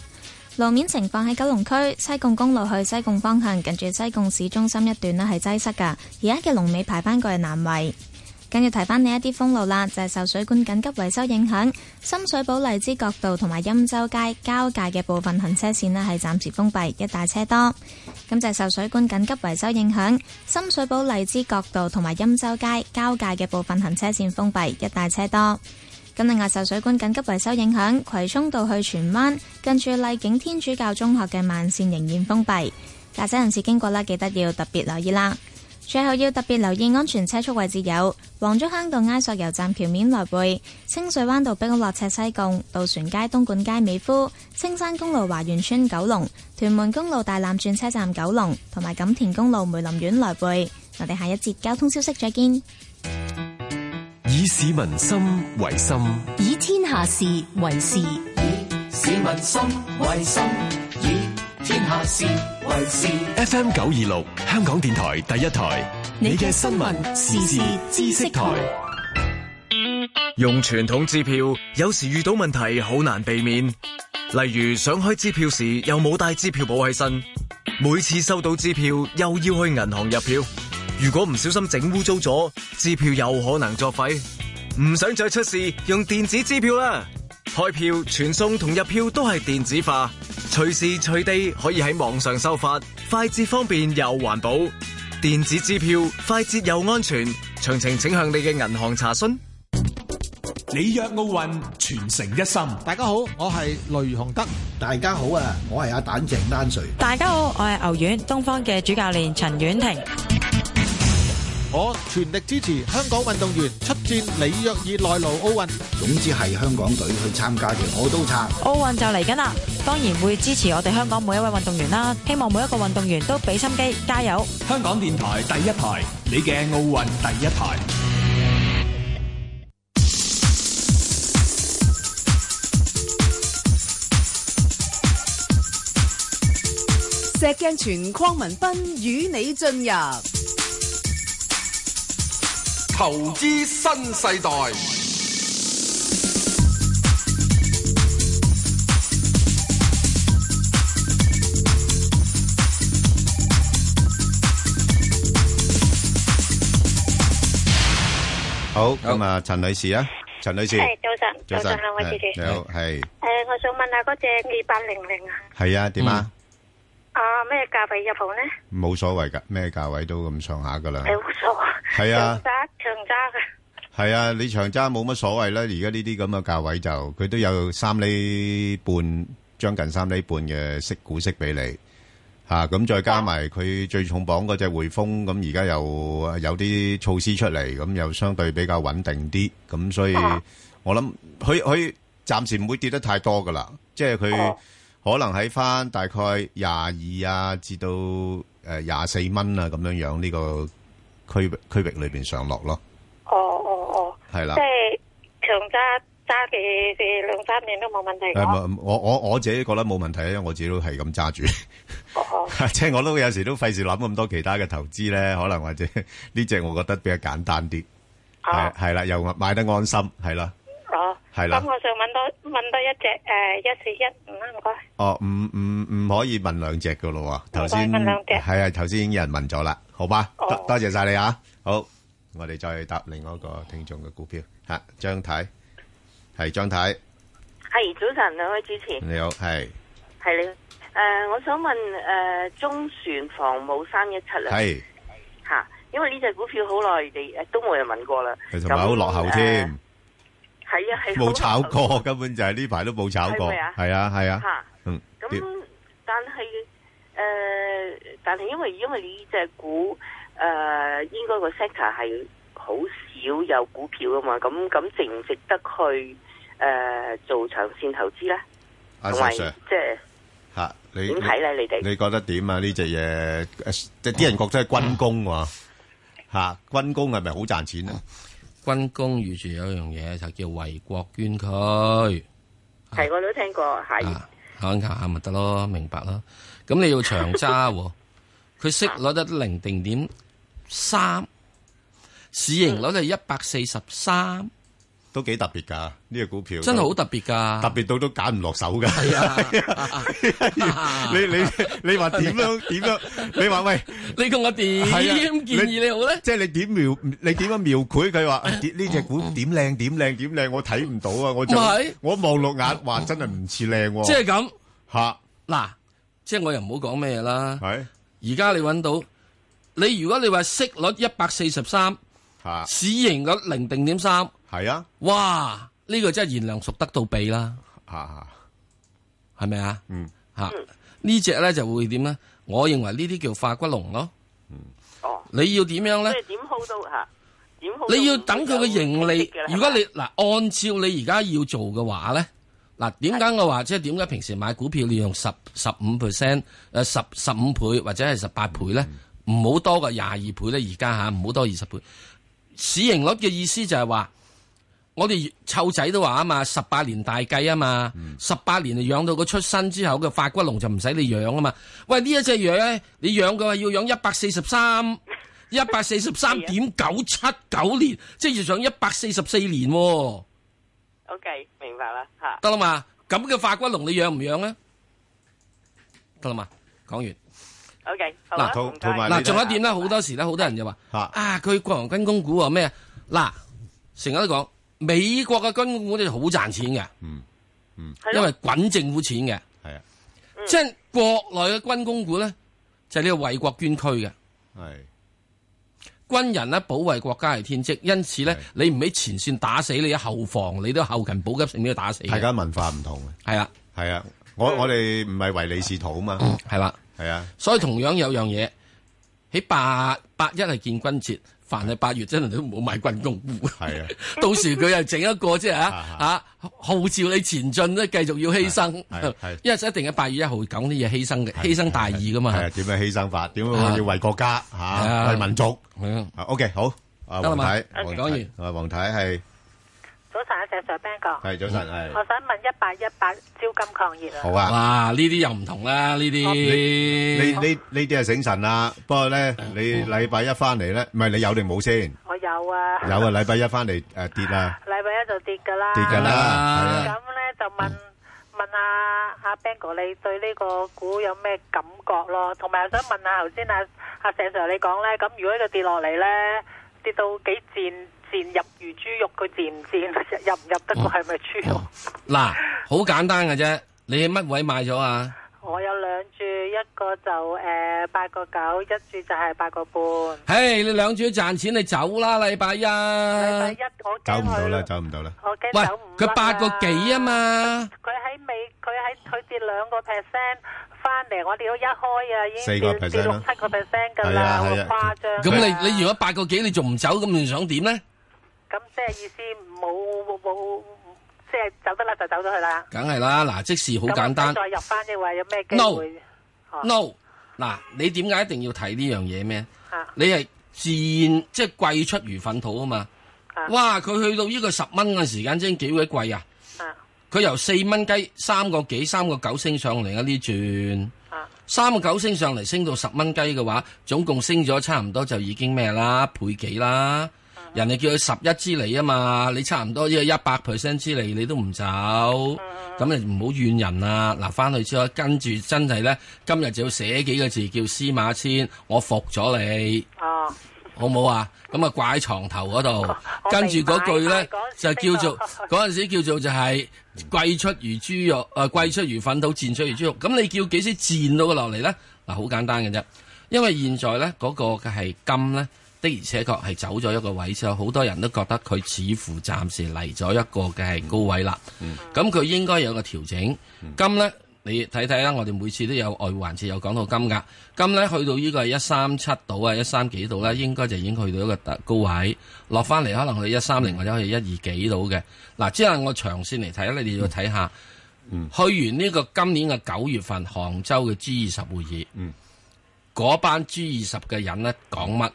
路面情況喺九龍區西貢公路去西貢方向，近住西貢市中心一段呢係擠塞噶，而家嘅龍尾排翻過去南圍。跟住提翻呢一啲封路啦，就係受水管緊急維修影響，深水埗荔枝角道同埋欽州街交界嘅部分行車線呢係暫時封閉，一帶車多。咁就係受水管緊急維修影響，深水埗荔枝角道同埋欽州街交界嘅部分行車線封閉，一帶車多。咁另外受水管緊急維修影響，葵涌道去荃灣近住麗景天主教中學嘅慢線仍然封閉，駕駛人士經過啦，記得要特別留意啦。最後要特別留意安全車速位置有黃竹坑道埃索油站橋面來回，清水灣道碧工落斜西貢、渡船街、東莞街美、美孚、青山公路華園村九龍、屯門公路大欖轉車站九龍，同埋錦田公路梅林苑來回。我哋下一節交通消息再見。以市民心為心，以天下事為事，以市民心為心，以天下事為事，FM 九二六香港電台第一台，你嘅新聞時事知識台。用傳統支票，有時遇到問題好難避免，例如想開支票時又冇帶支票簿起身，每次收到支票又要去銀行入票，如果唔小心整污糟咗，支票又可能作廢，唔想再出事，用電子支票啦。開票、傳送同入票都係電子化，隨時隨地可以喺網上收發，快捷方便又環保。電子支票快捷又安全，詳情請向你嘅銀行查詢。里約奧運，全城一心。大家好，我係雷洪德。大家好啊，我係阿蛋鄭丹瑞。大家好，我係牛丸東方嘅主教練陳婉婷。我全力支持香港運動員出戰里約熱內盧奧運，總之係香港隊去參加嘅，我都撐。奧運就嚟緊啦，當然會支持我哋香港每一位運動員啦，希望每一個運動員都俾心機加油。香港電台第一台，你嘅奧運第一台。石鏡泉、鄺民彬與你進入。投資新世代，好咁啊！陳女士啊，陳女士，係早晨，早晨，兩位姐姐，你好，係誒，我想問下嗰隻二八零零啊，係啊，點啊？啊，咩價位入行咧？冇所謂噶，咩價位都咁上下噶啦。係好傻，係啊，長揸長揸噶。係啊，你長揸冇乜所謂啦。而家呢啲咁嘅價位就，佢都有三厘半，將近三厘半嘅息股息俾你。吓，咁再加埋佢最重磅嗰隻匯豐，咁而家又有啲措施出嚟，咁又相對比較穩定啲。咁所以我諗，佢佢暫時唔會跌得太多噶啦。即係佢。可能喺翻大概廿二啊至到誒廿四蚊啊咁樣樣呢個區域區域裏邊上落咯。哦哦哦，係啦的，即係長揸揸幾幾兩三年都冇問題。我我我自己覺得冇問題，因為我自己都係咁揸住。即 係、 哦哦、 我都有時都費事諗咁多其他嘅投資咧，可能或者呢隻 我覺得比較簡單啲。啊，係啦，又買得安心，係啦。哦，係啦，咁我想問多問多一隻誒一四一五，唔該唔該。哦，唔唔唔可以問兩隻噶咯，頭先。唔可以問兩隻。係啊，頭先已經有人問咗啦，好吧，多多謝晒你啊。好，我哋再答另外一個聽眾嘅股票吓，張太係張太，係早晨兩位主持，你好係係你誒，我想問誒中船防務三一七啊，係吓，因為呢隻股票好耐地誒都冇人問過啦，佢同埋好落後添。係啊，係冇炒過，根本就係呢排都冇炒過，係啊，係啊，啊嗯。咁但係誒，但係、呃、因為因為你隻股誒、呃，應該個 sector 係好少有股票噶嘛，咁咁值唔值得去誒、呃、做長線投資咧？同埋即係吓，你點睇咧？呢你哋你，們你覺得點啊？呢隻嘢即係啲人覺得係軍工哇、啊、吓、啊，軍工係咪好賺錢咧、啊？ 軍工預住有一樣嘢就叫為國捐軀，係我都聽過，係，考一下咪得咯，明白咯。咁你要長揸、啊，佢 息攞得零定點三，市盈率係一百四十三。都幾特別噶，呢個股票，真係好特別噶，特別到都揀唔落手噶。係啊，你你你話點樣點樣？你話喂，你同我點建議你好咧？即係你點描？你點樣描繪佢話呢隻股點靚點靚點靚？我睇唔到啊！我就我望落眼話真係唔似靚。即係咁嚇嗱，即係我又唔好講咩啦。係而家你揾到你，如果你話息率一百四十三，市盈率零定點三。係啊，哇！呢、這個真係賢良淑德到備啦，吓，係咪啊？啊是是啊嗯，吓、啊，呢隻咧就會點咧？我認為呢啲叫化骨龍咯。嗯，哦、啊，你要點樣咧？即係點 hold 到吓？點，你要等佢嘅盈利。如果你嗱、啊嗯，按照你而家要做嘅話咧，嗱、啊，點解我話即係點解平時買股票你用十十五 percent 誒十十五倍或者係十八倍咧？唔好、嗯、多過廿二倍咧，而家吓唔好多二十倍市盈率嘅意思就係話。我哋湊仔都話啊嘛，十八年大計啊嘛，十八年就養到佢出生之後嘅化骨龍就唔使你養啊嘛。喂，呢一隻養你養嘅話要養一百四十三，一百四十三點九七九年，即、就、係、是、要養一百四十四年，啊。OK，明白啦，吓得啦嘛。咁嘅化骨龍你養唔養啊？得啦嘛，講完。OK，嗱，同埋嗱，仲有一點咧，好同歧 多時咧，好多人就話 啊，佢國航跟公股啊咩啊，嗱，成、啊啊啊、日都講。啊美國嘅軍工股咧好賺錢嘅、嗯，嗯嗯，因為滾政府錢嘅，係啊、嗯，即係國內嘅軍工股咧，就係呢個為國捐軀嘅，係、嗯、軍人呢保衛國家係天職，因此咧、嗯、你唔喺前線打死你喺後防，你都後勤補給性都要打死。大家文化唔同嘅，係、嗯、啊，係啊，我我哋唔係唯利是圖啊嘛，係嘛、嗯，係啊，所以同樣有樣嘢喺八八一係建軍節。凡係八月，真人都唔好買軍工股。係啊，到時佢又整一個即係啊啊，號召你前進咧，繼續要犧牲。係係因為一定喺八月一號講啲嘢犧牲嘅，犧牲大義噶嘛。係點樣犧牲法？點樣要為國家吓，為民族。係 OK，好得啦嘛。王總員，啊王太係。早晨啊，石 Sir，Bang 哥，係早晨，係我想問一百一百招金抗熱啊，好啊，哇，呢啲又唔同啦，呢啲呢呢呢呢啲係醒神啦，不過咧你禮拜一翻嚟咧，唔係你有定冇先？我有啊，有啊，禮拜一翻嚟誒跌啦，禮拜一就跌噶啦，跌噶啦。咁咧就問問阿阿 Bang 哥，你對呢個股有咩感覺咯？同埋我想問下頭先阿阿石 Sir 你講咧，咁如果佢跌落嚟咧，跌到幾賤？入如豬肉，佢跌唔跌？入入唔入得？佢係咪豬肉？嗱，好簡單嘅啫。你喺乜位買咗啊？我有兩注，一個就誒八個九，一注就係八個半。嘿，你兩注賺錢，你走啦，禮拜一。禮拜一我走唔到啦，走唔到啦。我驚走唔到啦。佢八個幾啊嘛？佢喺美，佢喺佢跌兩個 percent 翻嚟，我哋都一開啊，已經跌跌六七個 percent 噶啦，好誇張。咁你你如果八個幾，你仲唔走，咁你想點咧？咁即係意思冇冇，即係走得啦就走咗去啦。梗係啦，嗱，即係好簡單。再入翻嘅話，有咩機會？No，no。嗱 no.、哦 no.，你點解一定要睇呢樣嘢咩？啊、你係自然即係貴出如糞土啊嘛！啊！哇！佢去到呢個十蚊嘅時間，已經幾鬼貴啊！佢、啊、由四蚊雞三個幾三個九升上嚟，啊呢轉三個九升上嚟，升到十蚊雞嘅話，總共升咗差唔多就已經咩啦？倍幾啦？人哋叫佢十一之利啊嘛，你差唔多呢個一百 percent 之利，你都唔走，咁你唔好怨人啊！嗱，翻去之後跟住真係咧，今日就要寫幾個字叫司馬遷，我服咗你，哦、好唔好啊？咁啊掛喺床頭嗰度，哦、跟住嗰句咧就叫做嗰陣、嗯、時叫做就係、是、貴出如豬肉，啊貴出如糞土，賤出如豬肉。咁你叫幾時賤到佢落嚟咧？嗱、啊，好簡單嘅啫，因為現在咧嗰、那個嘅係金咧。的而且確係走咗一個位，之後好多人都覺得佢似乎暫時嚟咗一個嘅係高位啦。咁佢、嗯、應該有個調整。金、嗯、呢，你睇睇啦，我哋每次都有外環節有講到金噶。金呢，去到呢個係一三七度啊，一三幾度呢，應該就已經去到一個高位，落翻嚟可能去一三零或者去一二幾度嘅。嗱，之後我長線嚟睇，你哋要睇下。嗯、去完呢個今年嘅九月份杭州嘅 G 二十會議，嗰、嗯、班 G 二十嘅人呢，講乜？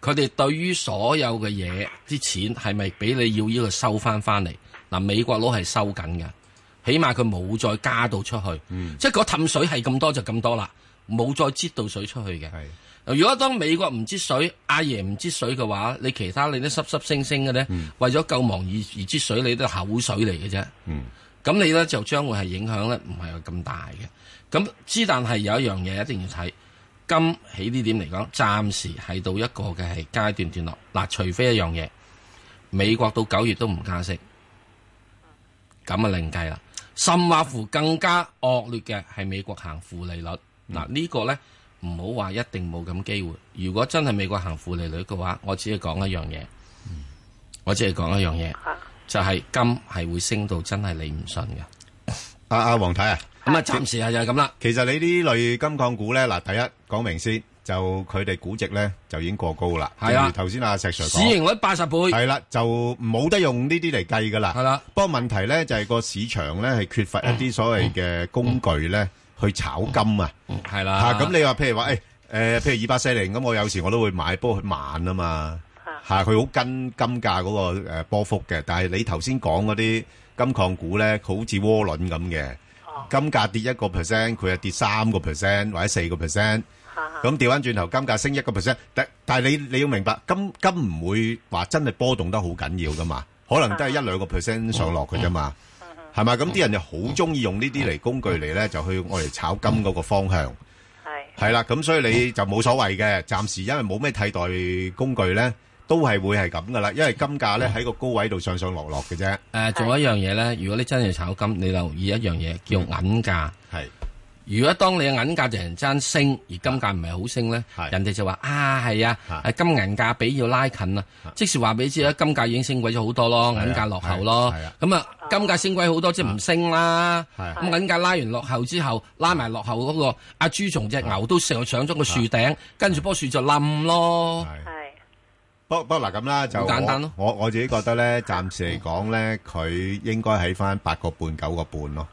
佢哋對於所有嘅嘢，啲錢係咪俾你要呢個收翻翻嚟？嗱、啊，美國佬係收緊嘅，起碼佢冇再加到出去，嗯、即係嗰氹水係咁多就咁多啦，冇再擠到水出去嘅。嗱的，如果當美國唔擠水，阿爺唔擠水嘅話，你其他你啲濕濕聲聲嘅咧，嗯、為咗救亡而而擠水，你都口水嚟嘅啫。咁、嗯、你咧就將會係影響咧，唔係咁大嘅。咁之但係有一樣嘢一定要睇。金起呢點嚟講，暫時係到一個嘅係階段段落。嗱，除非一樣嘢，美國到九月都唔加息，咁啊、嗯、另計啦。甚或乎更加惡劣嘅係美國行負利率。嗱呢、嗯呢個呢，唔好話一定冇咁嘅機會。如果真係美國行負利率嘅話，我只係講一樣嘢，嗯、我只係講一樣嘢，就係、是、金係會升到真係你唔信嘅。阿阿黃太啊！咁啊，暫時啊，就係咁啦。其實你呢類金礦股咧，嗱，第一講明先，就佢哋估值咧就已經過高啦。係啊，頭先阿石 Sir 講市盈率八十倍，係啦，就冇得用呢啲嚟計噶啦。係啦，不過問題咧就係個市場咧係缺乏一啲所謂嘅工具咧去炒金啊，係啦嚇。咁你話譬如話誒誒，譬如二百四零咁，我有時我都會買，不過佢慢啊嘛嚇，嚇佢好跟金價嗰個誒波幅嘅，但係你頭先講嗰啲金礦股咧，好似窩輪咁嘅。金價跌一個 percent，佢係跌三個 percent 或者四個 percent。咁調翻轉頭，金價升一個 percent，但但係你你要明白，金金唔會話真係波動得好緊要噶嘛，可能都係一兩個 percent 上落嘅啫嘛。係嘛？咁啲人就好中意用呢啲嚟工具嚟咧，就去愛嚟炒金嗰個方向。係係啦，咁所以你就冇所謂嘅，暫時因為冇咩替代工具咧。都係會係咁噶啦，因為金價咧喺個高位度上上落落嘅啫。誒，仲有一樣嘢咧，如果你真係炒金，你留意一樣嘢叫銀價。係，如果當你嘅銀價突然間升，而金價唔係好升咧，人哋就話啊，係啊，金銀價比要拉近啊。即時話俾你知啦，金價已經升貴咗好多咯，銀價落後咯。咁啊，金價升貴好多即唔升啦。咁銀價拉完落後之後，拉埋落後嗰個阿豬從隻牛都上上咗個樹頂，跟住棵樹就冧咯。不不嗱咁啦，簡單就我我我自己覺得咧，暫時嚟講咧，佢應該喺翻八個半九個半咯。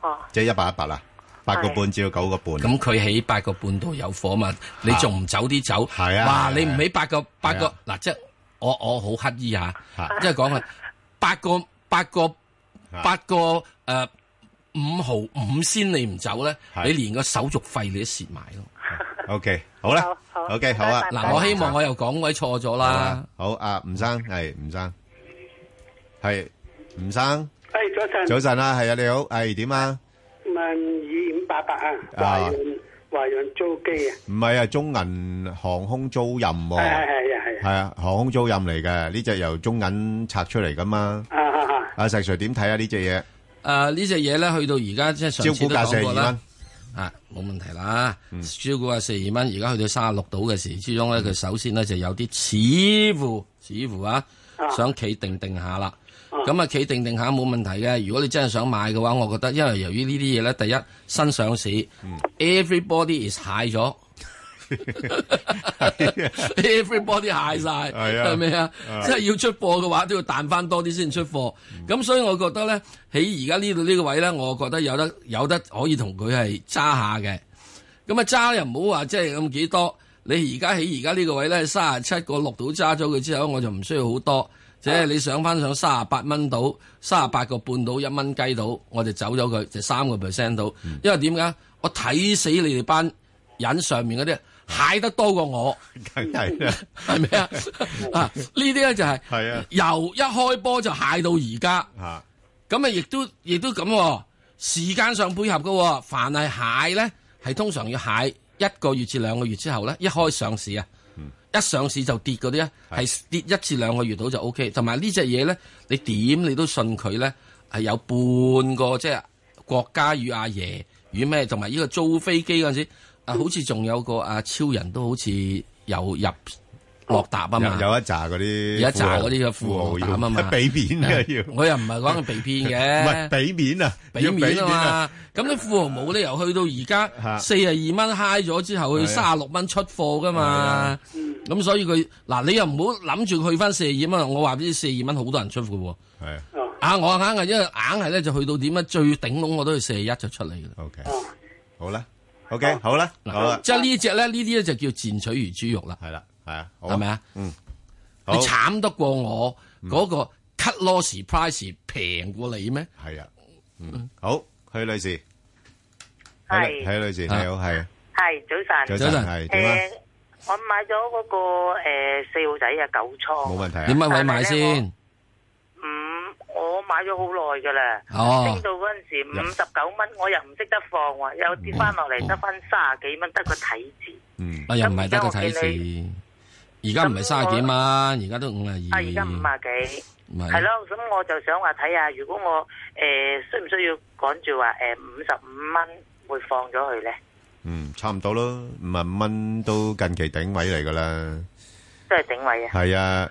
哦，即係一百一百啦，八個半至到九個半。咁佢喺八個半度有火嘛？你仲唔走啲走？係啊，走啊哇！你唔喺八個八個嗱、啊，即係我我好刻意嚇，即係講啊，八、啊、個八個八個誒五毫五仙你唔走咧，是你連個手續費你都蝕埋咯。 OK。.好啦，好 OK，好啊。嗱，我希望我又講位錯咗啦。好啊，好啊。好啊，吳生係吳生，係吳生。係早晨，早晨啊，係啊，你好，係點啊？萬二五八八啊，華陽華陽租機啊。唔係啊，中銀航空租賃。係係係係。係啊，航空租賃嚟嘅呢隻由中銀拆出嚟噶嘛。啊啊啊！阿石 Sir 點睇啊呢隻嘢？誒，呢隻嘢咧去到而家即係招股介紹啦。啊，冇問題啦。招、嗯、股價四二蚊，而家去到三十六度嘅時，之中咧佢、嗯、首先咧就有啲似乎，似乎啊，想企定定下啦。咁啊、嗯，企定定下冇問題嘅。如果你真係想買嘅話，我覺得，因為由於呢啲嘢咧，第一新上市、嗯，Everybody is high 咗。Everybody 蟹曬，係啊，係咪啊？即係要出貨嘅話，都要彈翻多啲先出貨。咁、mm. 所以我覺得咧，喺而家呢度呢個位咧，我覺得有得有得可以同佢係揸下嘅。咁啊揸又唔好話即係咁幾多。你而家喺而家呢個位咧，三十七個六到揸咗佢之後，我就唔需要好多。即係你上翻上三十八蚊到，三十八個半到一蚊雞到，我就走咗佢，就三個 percent 到。Mm. 因為點解？我睇死你哋班人上面嗰啲。蟹得多過我，梗係係咪啊？就是，啊，呢啲咧就係，由一開波就蟹到而家，咁啊，亦都亦都咁、哦，時間上配合噶、哦。凡係蟹咧，係通常要蟹一個月至兩個月之後咧，一開上市啊，嗯、一上市就跌嗰啲啊，係跌一至兩個月到就 OK。同埋呢隻嘢咧，你點你都信佢咧，係有半個即係、就是、國家與阿爺與咩，同埋呢個租飛機嗰陣時。啊，好似仲有個阿超人都好似有入落踏啊嘛，有一紮嗰啲，有一紮嗰啲嘅富豪要，俾面我又唔係講佢被騙嘅，唔係俾面啊，俾面啊嘛，咁啲富豪冇理由去到而家四廿二蚊嗨咗之後去卅六蚊出貨噶嘛，咁所以佢嗱你又唔好諗住去翻四廿二蚊，我話俾你四廿二蚊好多人出貨喎，係啊，我硬係因為硬係咧就去到點樣最頂籠我都要四廿一就出嚟噶啦，OK，好啦。O K，好啦，好啦，即係呢隻咧，呢啲咧就叫賤取如豬肉啦，係啦，係啊，係咪啊？嗯，你慘得過我嗰個 cut loss price 平過你咩？係啊，嗯，好，許女士，係，許女士，你好，係啊，係，早晨，早晨，係，我買咗嗰個誒四號仔啊，九倉，冇問題，點位買先？我買咗好耐噶啦，哦、升到嗰陣時五十九蚊，我又唔識得放喎，又跌翻落嚟得翻卅幾蚊，得個睇字。嗯，啊又唔係得個睇字。而家唔係卅幾蚊，而家都五啊二。啊，而家五啊幾。唔係的。係咯，咁我就想話睇下，如果我誒、呃、需唔需要趕住話誒五十五蚊會放咗佢咧？嗯，差唔多咯，五十五蚊都近期頂位嚟噶啦。即係頂位啊！係啊，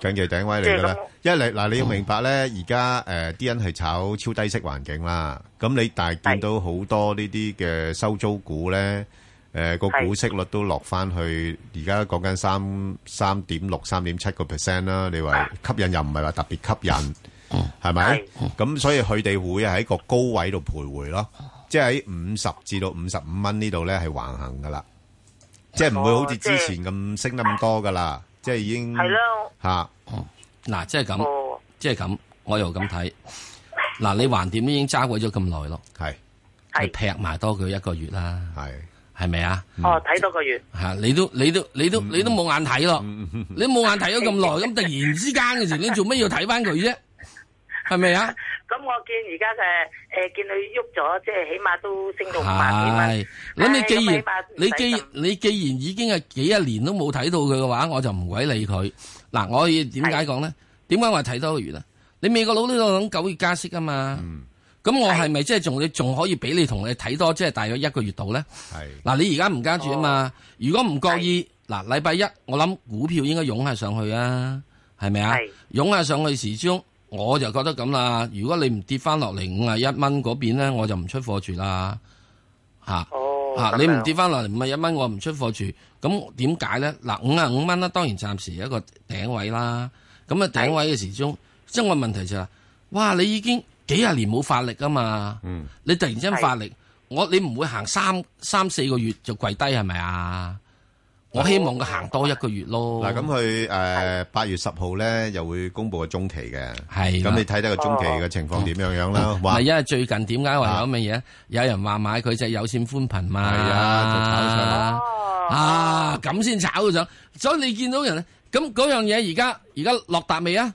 近期頂位嚟噶啦。一嚟嗱，你要明白咧，而家誒啲人係炒超低息環境啦。咁你但係見到好多呢啲嘅收租股咧，誒個股息率都落翻去而家講緊三三點六、三點七個 percent 啦。你話吸引又唔係話特別吸引，係咪？咁所以佢哋會喺個高位度徘徊咯，即係喺五十至到五十五蚊呢度咧係橫行噶啦。即係唔會好似之前咁升得咁多噶啦，即係已經係咯吓，嗱，即係咁，即係咁，我又咁睇。嗱，你橫掂已經揸鬼咗咁耐咯，係，係劈埋多佢一個月啦，係，係咪啊？哦，睇多個月。吓，你都你都你都你都冇眼睇咯，你冇眼睇咗咁耐，咁突然之間嘅時，你做咩要睇翻佢啫？係咪啊？咁我見而家就誒，見佢喐咗，即係起碼都升到五萬幾蚊。咁你既然你既你既然已經係幾一年都冇睇到佢嘅話，我就唔鬼理佢。嗱，我以點解講咧？點解話睇多個月啊？你美國佬呢度諗九月加息啊嘛。咁我係咪即係仲你仲可以俾你同你睇多即係大約一個月度咧？係嗱，你而家唔加住啊嘛。如果唔覺意嗱，禮拜一我諗股票應該湧下上去啊，係咪啊？湧下上去時鐘。我就覺得咁啦。如果你唔跌翻落嚟五啊一蚊嗰邊咧，我就唔出貨住啦。嚇、啊、嚇，哦、你唔跌翻落嚟五啊一蚊，我唔出貨住。咁點解咧？嗱，五啊五蚊咧，當然暫時一個頂位啦。咁啊，頂位嘅始終即係我問題就係，哇！你已經幾廿年冇發力啊嘛。嗯，你突然間發力，哎、我你唔會行三三四個月就跪低係咪啊？我希望佢行多一個月咯。嗱，咁佢誒八月十號咧又會公布個中期嘅。係。咁你睇睇個中期嘅情況點樣樣啦？咪因為最近點解話有咁嘅嘢？有人話買佢隻有線寬頻嘛？係啊，就炒上嚟。啊，咁先炒到上。所以你見到人咧，咁嗰樣嘢而家而家落達未啊？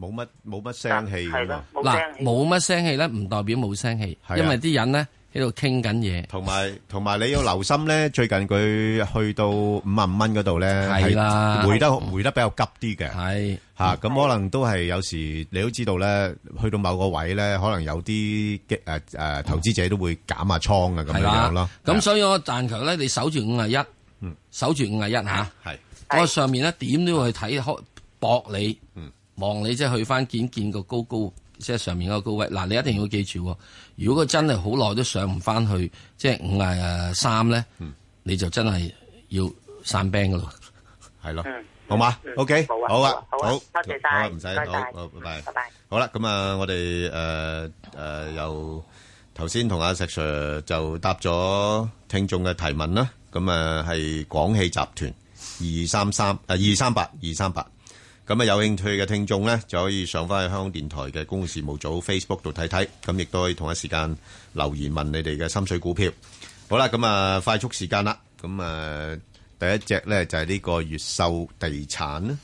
冇乜冇乜聲氣㗎嘛。嗱，冇乜聲氣咧，唔代表冇聲氣，因為啲人咧，喺度傾緊嘢，同埋同埋你要留心咧。最近佢去到五萬五蚊嗰度咧，係啦，回得回得比較急啲嘅。係嚇，咁可能都係有時你都知道咧，去到某個位咧，可能有啲嘅誒誒投資者都會減下倉嘅咁樣咯。咁所以我暫時咧，你守住五呀一，嗯，守住五呀一下，係嗰上面咧點都要去睇開博你，嗯，望你即係去返見見個高高。即係上面嗰個高位，嗱你一定要記住，如果佢真係好耐都上唔翻去，即係五啊三咧，你就真係要散兵噶咯，係咯，嗯、好嘛？OK、嗯、好、啊好啊，好啊，多、啊、謝曬，唔使、啊，好，拜拜，拜拜好啦，咁啊，我哋誒誒又頭先同阿石 Sir 就答咗聽眾嘅提問啦，咁啊係廣汽集團二三三啊二三八二三八。咁啊，有興趣嘅聽眾咧，就可以上翻去香港電台嘅公共事務組 Facebook 度睇睇。咁亦都可以同一時間留言問你哋嘅心水股票。好啦，咁啊，快速時間啦。咁啊，第一隻咧就係呢個越秀地產咧。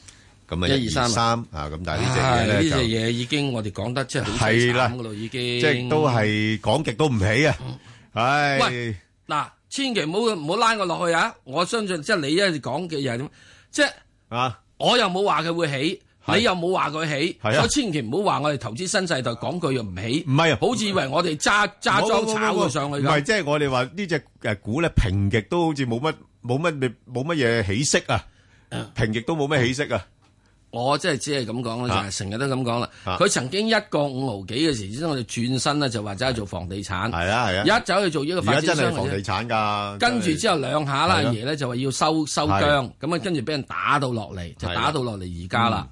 咁啊，一二三三啊，咁但係呢隻嘢咧就呢隻嘢已經我哋講得即係好慘嘅咯，已經即係都係講極都唔起啊！唉，喂，嗱，千祈唔好唔好拉我落去啊！我相信即係你咧講嘅嘢點，即係啊。我又冇話佢會起，的你又冇話佢起，的所以千我千祈唔好話我哋投資新世代講句又唔起，唔係，好似以為我哋揸揸莊炒佢上去。唔係，即、就、係、是、我哋話呢隻誒股咧平極都好似冇乜冇乜冇乜嘢起色啊，的平極都冇咩起色啊。我即係只係咁講啦，就係成日都咁講啦。佢曾經一個五毫幾嘅時之中，就轉身啦，就話走去做房地產。係啊係啊，一走去做一個房地產噶。跟住之後兩下啦，爺咧就話要收收姜，咁啊，跟住俾人打到落嚟，就打到落嚟而家啦。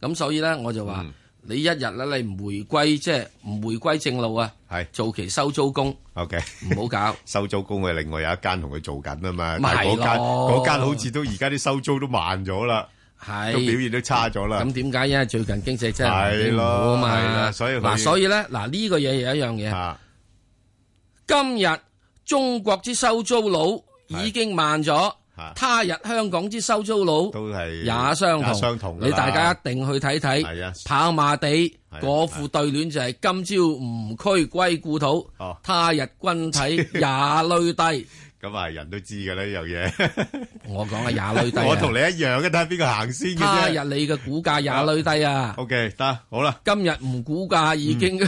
咁所以咧，我就話你一日咧，你唔回歸即係唔回歸正路啊。係做其收租工。O K，唔好搞。收租工嘅另外有一間同佢做緊啊嘛，但係嗰間間好似都而家啲收租都慢咗啦。係，都表現都差咗啦。咁點解？因為最近經濟真係唔好啊嘛。所以嗱，所以咧，嗱呢個嘢有一樣嘢。今日中國之收租佬已經慢咗，他日香港之收租佬都係也相同。相同，你大家一定去睇睇。跑馬地嗰副對聯就係：今朝吾軀歸故土，他日君體也淚低。咁啊，人都知㗎啦呢樣嘢。 我講嘅廿呂低， 我同你一樣嘅，睇下邊個行先嘅啫。今日你嘅股價廿呂低啊。O K，得，好啦。今日唔估價已經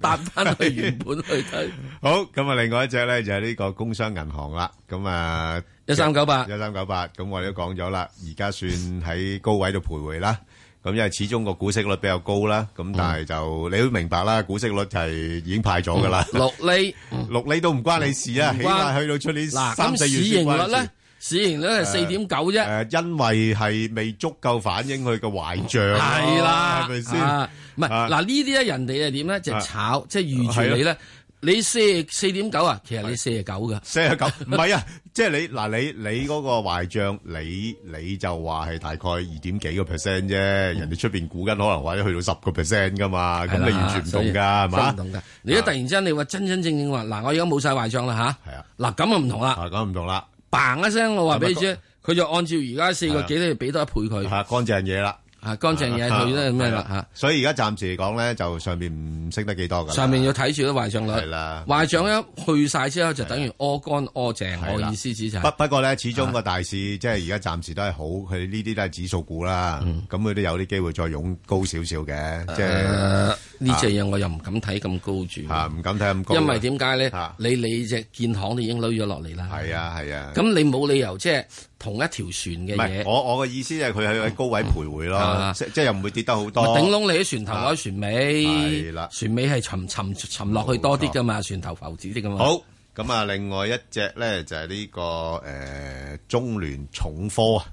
搭返去原本去睇。 好，咁啊，另外一隻咧就係、是、呢個工商銀行啦。咁啊，一三九八，一三九八。咁我哋都講咗啦，而家算喺高位度徘徊啦。 咁因為始終個股息率比較高啦，咁但係就你都明白啦，股息率就係已經派咗噶啦，六厘六厘都唔關你事啊，起碼去到出年三四月息。咁市盈率咧，市盈率係四點九啫。誒，因為係未足夠反映佢個壞賬。係啦，係咪先？唔係，嗱呢啲咧，人哋係點咧？就炒，即係預住你咧，你四四點九啊，其實你四啊九噶，四啊九唔係啊。即係你嗱，你你嗰個壞帳，你你就話係大概二點幾個 percent 啫，人哋出邊估緊可能或者去到十個 percent 噶嘛，係咪完全唔同㗎？係嘛？唔同㗎。你一突然之間你話真真正正話嗱，我而家冇晒壞帳啦吓？係啊。嗱咁啊唔同啦。嗱咁就唔同啦。嘭一聲我話俾你知，佢就按照而家四個幾你俾多一倍佢。吓，乾淨嘢啦。啊，乾淨嘢去咧，咩啦？嚇！所以而家暫時嚟講咧，就上邊唔識得幾多噶。上面要睇住啲壞賬率。係啦，壞賬一去晒之後，就等於屙乾屙淨。我意思指就係。不不過咧，始終個大市即係而家暫時都係好，佢呢啲都係指數股啦。咁佢都有啲機會再湧高少少嘅。即係呢隻嘢，我又唔敢睇咁高住。嚇！唔敢睇咁高。因為點解咧？你你隻建行已經扭咗落嚟啦。係啊，係啊。咁你冇理由即係。同一條船嘅嘢，唔係，我我嘅意思係佢喺高位徘徊咯，嗯嗯、是即即又唔會跌得好多、嗯。嗯、頂籠你喺船頭，我喺、啊、船尾。係啦對，船尾係沉沉沉落去多啲噶嘛，錯船頭浮子啲噶嘛。好，咁啊、嗯，另外一隻咧就係呢、呢個誒中聯重科啊，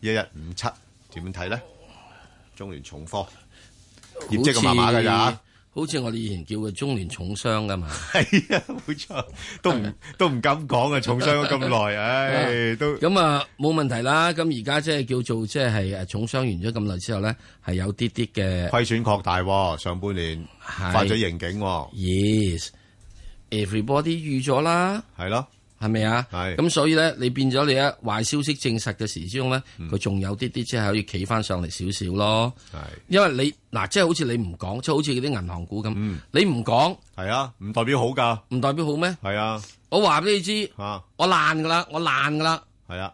一一五七點樣睇咧？中聯重科業績咁麻麻噶咋？像好似我哋以前叫佢中年重傷噶嘛，係啊，冇錯，都唔都唔敢講啊，重傷咗咁耐，唉，都咁啊冇問題啦。咁而家即係叫做即係係，誒重傷完咗咁耐之後咧，係有啲啲嘅虧損擴大喎，上半年 是發咗盈警喎，哦、，Yes，everybody 預咗啦，係咯。 係咪啊？咁所以咧，你變咗你一壞消息證實嘅時之中咧，佢仲有啲啲即係可以企翻上嚟少少咯。係，因為你嗱，即係好似你唔講，即係好似嗰啲銀行股咁，你唔講係啊，唔代表好噶，唔代表好咩？係啊，我話俾你知，我爛噶啦，我爛噶啦。係啊，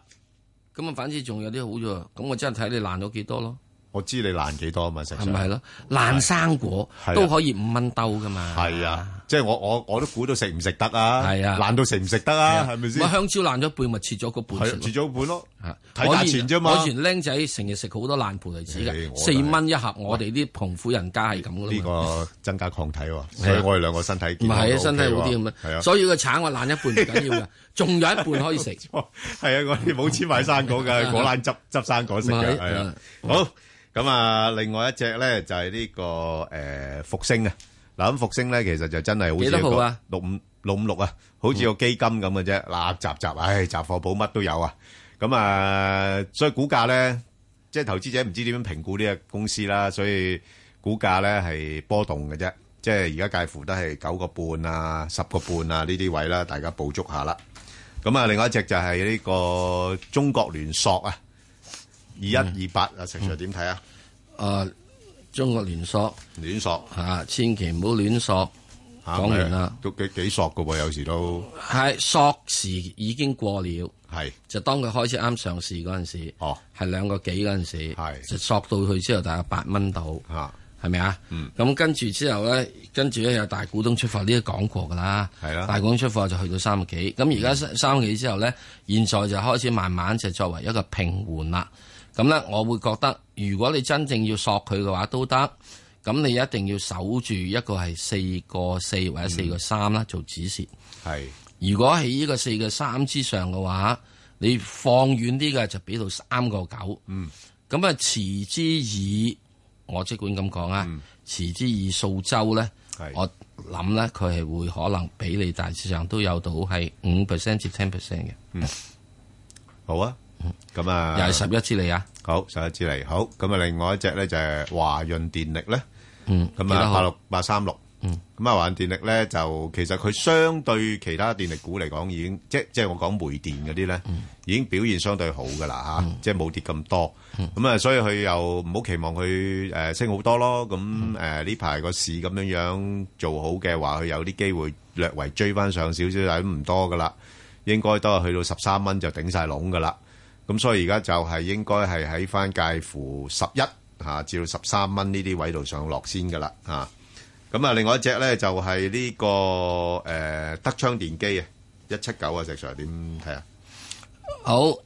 咁啊，反正仲有啲好咗，咁我真係睇你爛咗幾多咯。我知你爛幾多咪，係咪係咯？爛生果，都可以五蚊兜噶嘛。係啊。即係我我我都估到食唔食得啊，爛到食唔食得啊，係咪先？香蕉爛咗一半，咪切咗個半，切咗半咯。睇價錢啫嘛。以前僆仔成日食好多爛葡提子嘅，四蚊一盒。我哋啲窮苦人家係咁噶，呢個增加抗體喎，所以我哋兩個身體唔係啊，身體好啲咁啊。所以個橙我爛一半唔緊要噶，仲有一半可以食。係啊，我哋冇錢買生果噶，果爛汁、執生果食係啊，好咁啊，另外一隻咧就係呢個誒復星啊。嗱咁復星咧，其實就真係好似六五六五六啊，好似個基金咁嘅啫。嗱，雜雜，唉，雜貨鋪乜都有啊。咁啊，所以股價咧，即係投資者唔知點樣評估呢個公司啦，所以股價咧係波動嘅啫。即係而家介乎都係九個半啊，十個半啊呢啲位啦，大家捕捉下啦。咁啊，另外一隻就係呢個中國聯塑啊，二一二八啊，石 Sir 點睇啊？啊！中國聯塑，亂索嚇，千祈唔好亂索。講完啦，都幾幾索嘅喎，有時都係索時已經過了，係就當佢開始啱上市嗰陣時，係兩個幾嗰陣時，就索到去之後大概八蚊到，嚇係咪啊？咁跟住之後咧，跟住咧有大股東出貨，呢都講過㗎啦，係啦，大股東出貨就去到三個幾，咁而家三個幾之後咧，現在就開始慢慢就作為一個平緩啦。咁咧，我會覺得如果你真正要索佢嘅話都得，咁你一定要守住一個係四個四或者四個三啦、嗯，做止蝕。係是，如果喺呢個四個三之上嘅話，你放遠啲嘅就俾到三個九。嗯，咁啊，持之以我即管咁講啊，嗯、持之以數週咧，是我諗咧佢係會可能俾你大致上都有到係五 percent 至 ten percent 嘅。嗯，好啊。咁、嗯、啊，又係十一支嚟啊，好十一支嚟，好咁啊。另外一隻咧就係華潤電力咧，嗯，咁啊八六八三六，86, 86, 86, 嗯，咁啊華潤電力咧就其實佢相對其他電力股嚟講，已經即即係我講煤電嗰啲咧，嗯、已經表現相對好噶啦吓，嗯、即係冇跌咁多。咁啊、嗯、嗯、所以佢又唔好期望佢誒升好多咯。咁誒呢排個市咁樣樣做好嘅話，佢有啲機會略為追翻上少少，但係都唔多噶啦，應該都係去到十三蚊就頂曬籠噶啦。咁所以而家就係應該係喺翻介乎十一嚇至到十三蚊呢啲位度上落先嘅啦嚇。咁啊，另外一隻咧就係，是，呢，這個誒，呃、德昌電機啊，一七九啊，石上 i 點睇啊？好。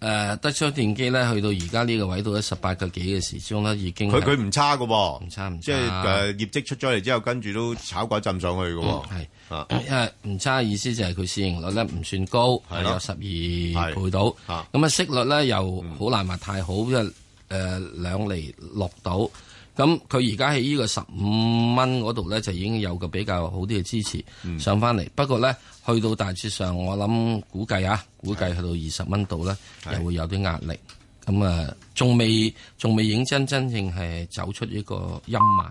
誒，德昌電機咧，去到而家呢個位度，到咗十八個幾嘅時鐘咧，已經佢佢唔差噶，唔差唔、啊、差，差，即係誒業績出咗嚟之後，跟住都炒過一陣上去噶喎、啊。係誒唔差，意思就係佢市盈率咧唔算高，係的有十二倍到。咁的的啊息、嗯、率咧又好難話太好，因為誒兩厘六到。咁佢而家喺呢個十五蚊嗰度咧，就已經有個比較好啲嘅支持、嗯、上翻嚟。不過咧，去到大致上，我諗估計啊，估計去到二十蚊度咧，是的 又會有啲壓力。咁啊，仲未仲未認真真正係走出呢個陰霾。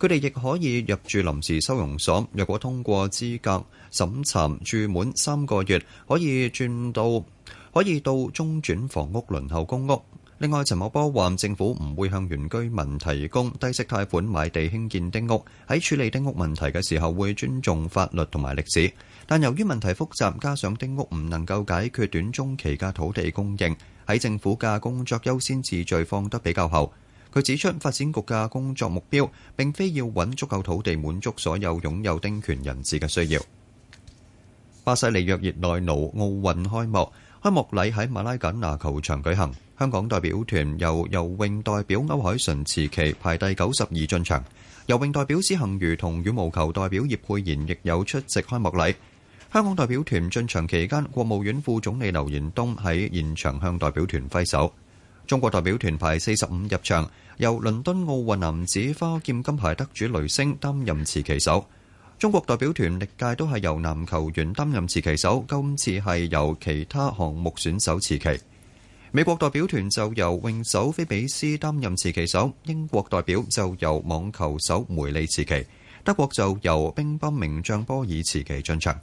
佢哋亦可以入住臨時收容所，若果通過資格審查，住滿三個月，可以轉到可以到中轉房屋輪候公屋。另外，陳茂波話：政府唔會向原居民提供低息貸款買地興建丁屋。喺處理丁屋問題嘅時候，會尊重法律同埋歷史。但由於問題複雜，加上丁屋唔能夠解決短中期嘅土地供應，喺政府嘅工作優先次序放得比較後。佢指出，發展局嘅工作目標並非要揾足夠土地滿足所有擁有丁權人士嘅需要。巴西里約熱內盧奧運開幕，開幕禮喺馬拉簡拿球場舉行。香港代表團由游泳代表歐鎧淳持旗排第九十二進場。游泳代表施幸余同羽毛球代表葉姵延亦有出席開幕禮。香港代表團進場期間，國務院副總理劉延東喺現場向代表團揮手。中國代表團排四十五入場，由倫敦奧運男子花劍金牌得主雷聲擔任持旗手。中國代表團歷屆都係由男球員擔任持旗手，今次係由其他項目選手持旗。美國代表團就由泳手菲比斯擔任持旗手，英國代表就由網球手梅利持旗，德國就由乒乓名將波爾持旗進場。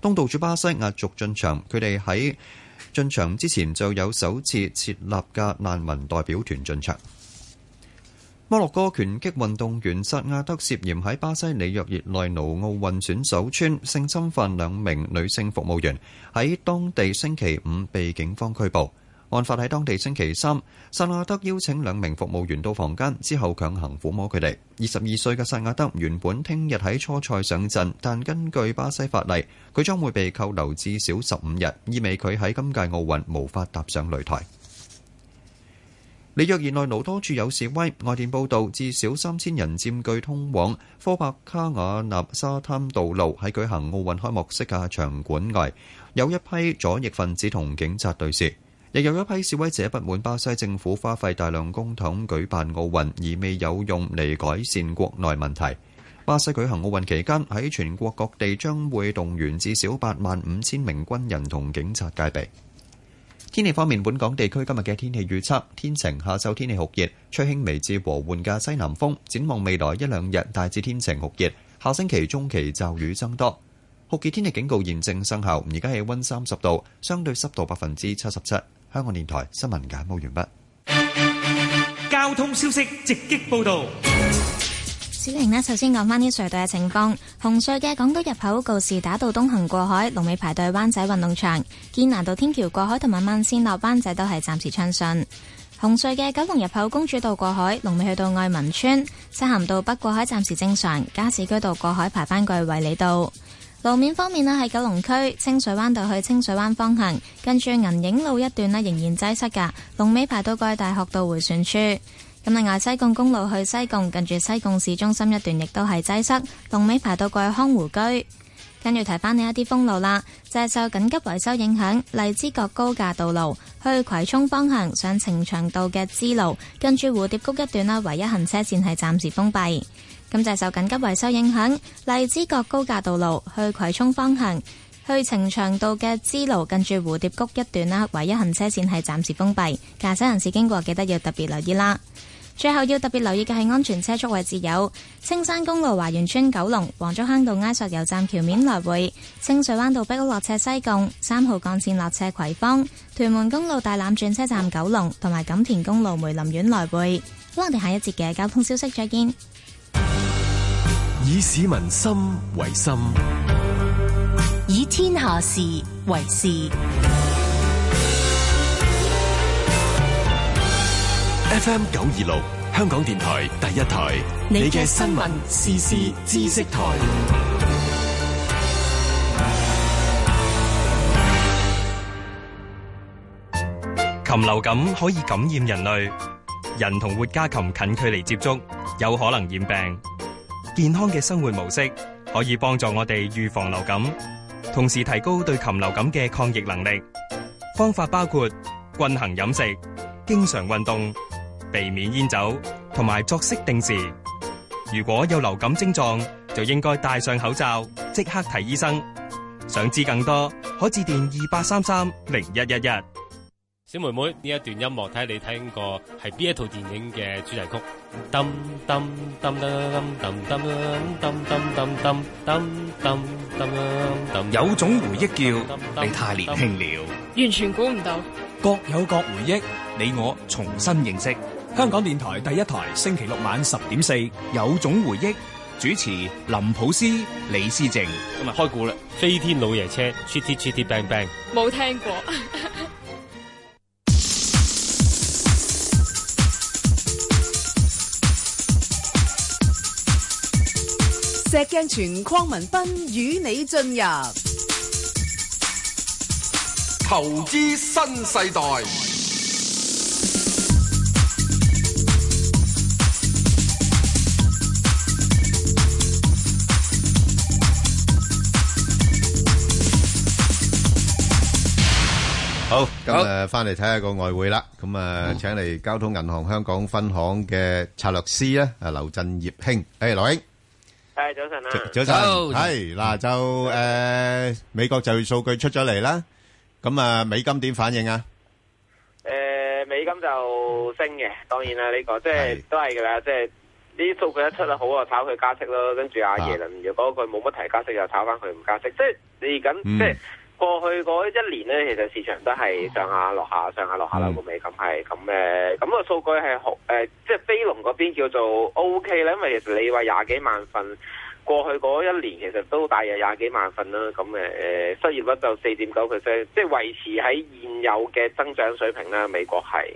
東道主巴西壓軸進場，佢哋喺。進場之前就有首次設立嘅難民代表團進場。摩洛哥拳擊運動員薩亞德涉嫌喺巴西里約熱內盧奧,奧運選手村性侵犯兩名女性服務員，喺當地星期五被警方拘捕。案發喺當地星期三，薩亞德邀請兩名服務員到房間之後強，強行撫摸佢哋。二十二歲嘅薩亞德原本聽日喺初賽上陣，但根據巴西法例，佢將會被扣留至少十五日，意味佢喺今屆奧運無法踏上擂台。里約熱內盧多處有示威，外電報道，至少三千人佔據通往科帕卡瓦納沙灘道路，喺舉行奧運開幕式嘅場館外，有一批左翼分子同警察對峙。亦有一批示威者不滿巴西政府花費大量公帑舉辦奧運，而未有用嚟改善國內問題。巴西舉行奧運期間，喺全國各地將會動員至少八萬五千名軍人同警察戒備。天氣方面，本港地區今日嘅天氣預測天晴，下晝天氣酷熱，吹輕微至和緩嘅西南風。展望未來一兩日大致天晴酷熱，下星期中期驟雨增多。酷熱天氣警告現正生效，而家氣溫三十度，相對濕度百分之七十七。香港電台新聞簡報完畢。交通消息直擊報道。小玲呢，首先講翻啲隧道嘅情況。紅隧嘅港島入口告士打道東行過海龍尾排隊，灣仔運動場；堅拿道天橋過海同埋萬線落灣仔都係暫時暢順。紅隧嘅九龍入口公主道過海龍尾去到愛民村，漆咸道北過海暫時正常。加士居道過海排班隊衛理道。路面方面呢，喺九龍區清水灣道去清水灣方向，近住銀影路一段呢，仍然擠塞噶，龍尾排到過去大學道回旋處。咁另外，西貢公路去西貢，近住西貢市中心一段亦都係擠塞，龍尾排到過去康湖居。跟住提翻你一啲封路啦，就係受緊急維修影響，荔枝角高架道路，去葵涌方向上呈祥道嘅支路，跟住蝴蝶谷一段呢，唯一行車綫係暫時封閉。咁就係受緊急維修影響，荔枝角高架道路去葵涌方向，去呈祥道嘅支路，近住蝴蝶谷一段啦，唯一行車線係暫時封閉，駕駛人士經過記得要特別留意啦。最後要特別留意嘅係安全車速位置，有青山公路華園村、九龍黃竹坑道埃索油站橋面來回、清水灣道北落斜、西貢三號幹線落斜、葵芳、屯門公路大欖轉車站、九龍同埋錦田公路梅林苑來回。好，我哋下一節嘅交通消息再見。以市民心為心，以天下事為事。FM 九二六，香港電台第一台，你嘅新聞時事知識台。禽流感可以感染人類。人同活家禽近距離接觸，有可能染病。健康嘅生活模式可以幫助我哋預防流感，同時提高對禽流感嘅抗疫能力。方法包括均衡飲食、經常運動、避免煙酒同埋作息定時。如果有流感症狀，就應該戴上口罩，即刻睇醫生。想知更多，可致電二八三三零一一一。妹妹，呢一段音樂睇下你聽過係邊一套電影嘅主題曲。有種回憶叫你太年輕了，完全估唔到。各有各回憶，你我重新認識。香港電台第一台，星期六晚十點四，有種回憶。主持林普斯、李思靜，同埋開估啦。飛天老爺車，chitty chitty bang bang，冇聽過。石鏡泉、鄺民彬與你進入投資新世代。好，今日翻嚟睇下個外匯啦。咁啊，請嚟交通銀行香港分行嘅策略師咧，啊，劉振業兄，誒，劉永。係早晨啦，早晨係嗱就誒，美國就業數據出咗嚟啦，咁啊美金點反應啊？誒，美金就升嘅，當然啦，呢個即係都係噶啦，即係呢啲數據一出得好啊炒佢加息咯，跟住阿耶倫又嗰個冇乜提加息又炒翻佢唔加息，即係你而家即係。過去嗰一年呢，其實市場都係上下落下，下、上下落下啦個尾，咁係咁誒，咁、呃那個數據係好誒，即係飛龍嗰邊叫做 OK 喇，因為其實你話廿幾萬份。過去嗰一年其實都大約廿幾萬份啦，咁誒誒失業率就四點九 percent，即係維持喺現有嘅增長水平啦。美國係，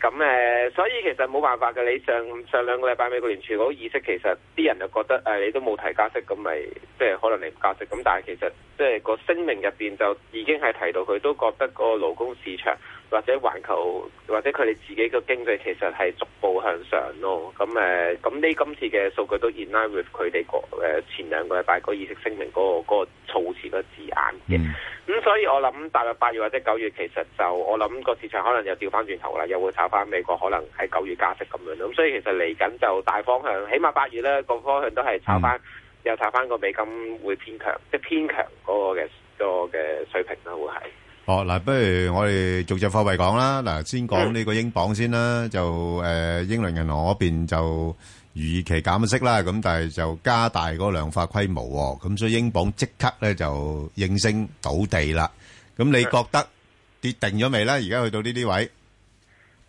咁誒、嗯呃，所以其實冇辦法嘅。你上上兩個禮拜美國聯儲局意識，其實啲人就覺得誒、呃、你都冇提加息，咁咪即係可能你唔加息。咁但係其實即係個聲明入邊就已經係提到佢都覺得個勞工市場。或者環球或者佢哋自己個經濟其實係逐步向上咯，咁、嗯、誒，咁呢今次嘅數據都 in line with 佢哋個誒前兩個禮拜嗰議息聲明嗰個措辭個字眼嘅，咁、嗯嗯、所以我諗大約八月或者九月其實就我諗個市場可能又調翻轉頭啦，又會炒翻美國可能喺九月加息咁樣，咁、嗯、所以其實嚟緊就大方向，起碼八月咧個方向都係炒翻、嗯、又炒翻個美金會偏強，即、就、係、是、偏強嗰個嘅、那個嘅水平啦，會係。哦，嗱，不如我哋逐隻貨幣講啦。嗱，先講呢個英鎊先啦，就誒，英倫銀行嗰邊就預期減息啦，咁但係就加大嗰個量化規模，咁所以英鎊即刻咧就應聲倒地啦。咁你覺得跌定咗未咧？而家去到呢啲位？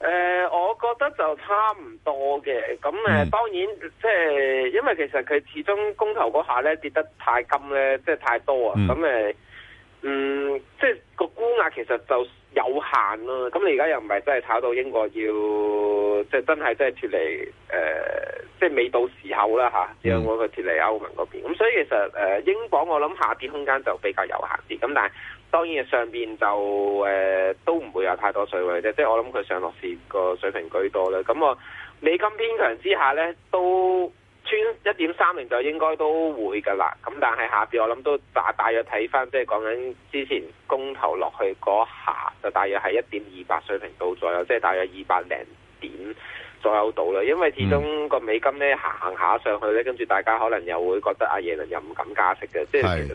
誒，我覺得就差唔多嘅。咁誒，當然即係因為其實佢始終公投嗰下咧跌得太金太急咧，即係太多啊。咁誒。嗯，即係個估壓其實就有限咯。咁你而家又唔係真係炒到英國要，即係真係真係脱離，誒、呃，即係未到時候啦嚇，只係我個脱離歐盟嗰邊。咁所以其實誒、呃，英鎊我諗下跌空間就比較有限啲。咁但係當然上邊就誒、呃、都唔會有太多水位啫。即係我諗佢上落市個水平居多啦。咁我美金偏強之下咧，都。穿一點三零就應該都會㗎啦，咁但係下邊我諗都打大、大約睇返，即係講緊之前公投落去嗰下就大約係一點二八水平到左右，即係大約二百零點左右到啦。因為始終個美金咧行行下上去咧，跟住大家可能又會覺得阿耶倫又唔敢加息嘅，即係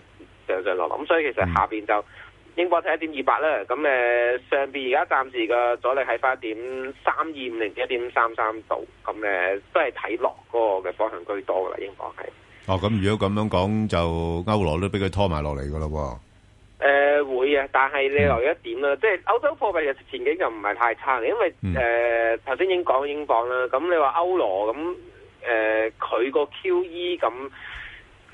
上上落落，咁所以其實下邊就。嗯嗯英鎊係一點二八啦，咁誒上邊而家暫時嘅阻力係返一點三二五零一點三三度，咁誒都係睇落嗰個嘅方向居多㗎啦，英鎊係。哦，咁如果咁樣講，就歐羅都俾佢拖埋落嚟㗎咯喎。誒、呃、會啊，但係你留意一點啦，嗯、即係歐洲貨幣嘅前景又唔係太差嘅，因為誒頭先已經講英鎊啦，咁你話歐羅咁誒佢個 QE 咁。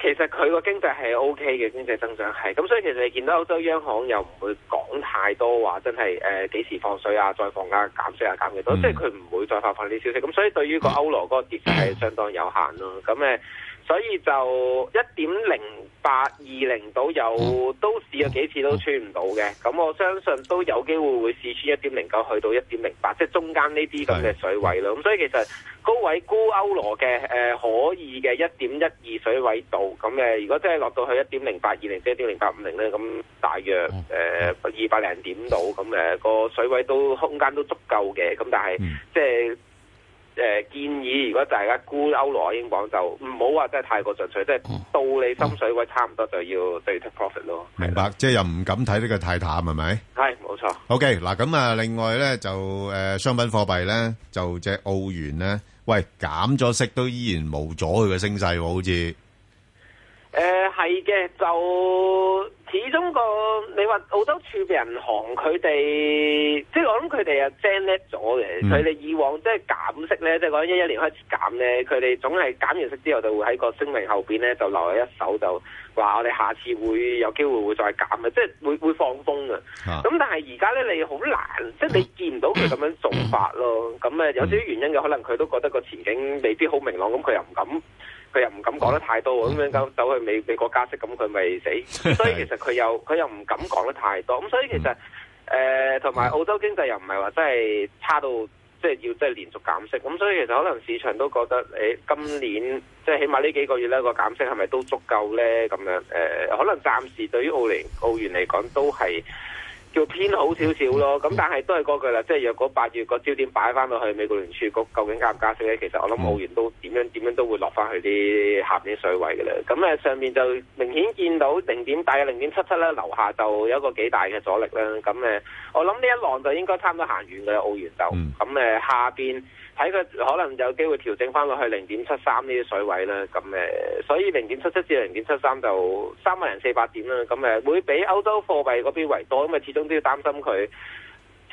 其實佢個經濟係 OK 嘅，經濟增長係咁，所以其實你見到歐洲央行又唔會講太多話，真係誒幾時放水啊，再放壓、啊、減水啊減幾多，嗯、即係佢唔會再發放啲消息，咁所以對於個歐羅嗰個跌勢係相當有限咯、啊，咁誒。呃所以就一點零八二零度有都試過幾次都穿唔到嘅，咁、嗯、我相信都有機會會試穿一點零九去到一點零八，即係中間呢啲咁嘅水位咯。咁、嗯、所以其實高位沽歐羅嘅誒、呃、可以嘅一點一二水位度，咁、呃、誒如果真係落到去一點零八二零，即一點零八五零咧，咁大約誒二百零點度，咁、嗯、誒、那個水位都空間都足夠嘅，咁但係、嗯、即係。誒、呃、建議，如果大家沽歐羅英，英鎊就唔好話真係太過進取，即係、嗯、到你心水位差唔多就要對 take profit 咯。明白，的即係又唔敢睇呢個太淡係咪？係，冇錯。O K，嗱咁啊，另外咧就誒、呃、商品貨幣咧，就隻澳元咧，喂減咗息都依然冇阻佢嘅升勢喎，好似。誒，係嘅、呃，就始終個你話澳洲儲備銀行佢哋，即係我諗佢哋啊精叻咗嘅。佢哋，嗯，以往即係減息咧，即係一一年開始減咧，佢哋總係減完息之後就會喺個聲明後邊咧就留咗一手，就話我哋下次會有機會會再減啊，即係會會放風啊。咁但係而家咧你好難，即係你見唔到佢咁樣做法咯。咁咧有少少原因嘅，可能佢都覺得個前景未必好明朗，咁佢又唔敢。佢又唔敢講得太多，咁樣走走去美、嗯、美國加息，咁佢咪死 所，所以其實佢又佢又唔敢講得太多，咁所以其實誒同埋澳洲經濟又唔係話真係差到即係、即係、要即係連續減息，咁所以其實可能市場都覺得誒、欸、今年即係、即係、起碼呢幾個月咧、呢個減息係咪都足夠咧？咁樣誒、呃，可能暫時對於澳聯澳元嚟講都係，叫偏好少少咯，咁但係都係嗰句啦，即係若果八月個焦點擺翻落去美國聯儲局，究竟加唔加息咧？其實我諗澳元都點樣點樣都會落翻去啲下面水位嘅咧。咁咧上面就明顯見到零點大啊，零點七七咧，樓下就有一個幾大嘅阻力啦。咁咧我諗呢一浪就應該差唔多行完嘅澳元就，咁咧下邊。睇佢可能有機會調整翻落去零點七三呢啲水位啦，咁誒，所以零點七七至零點七三就三萬零四百點啦，咁誒會比歐洲貨幣嗰邊為多，咁誒，始終都要擔心佢。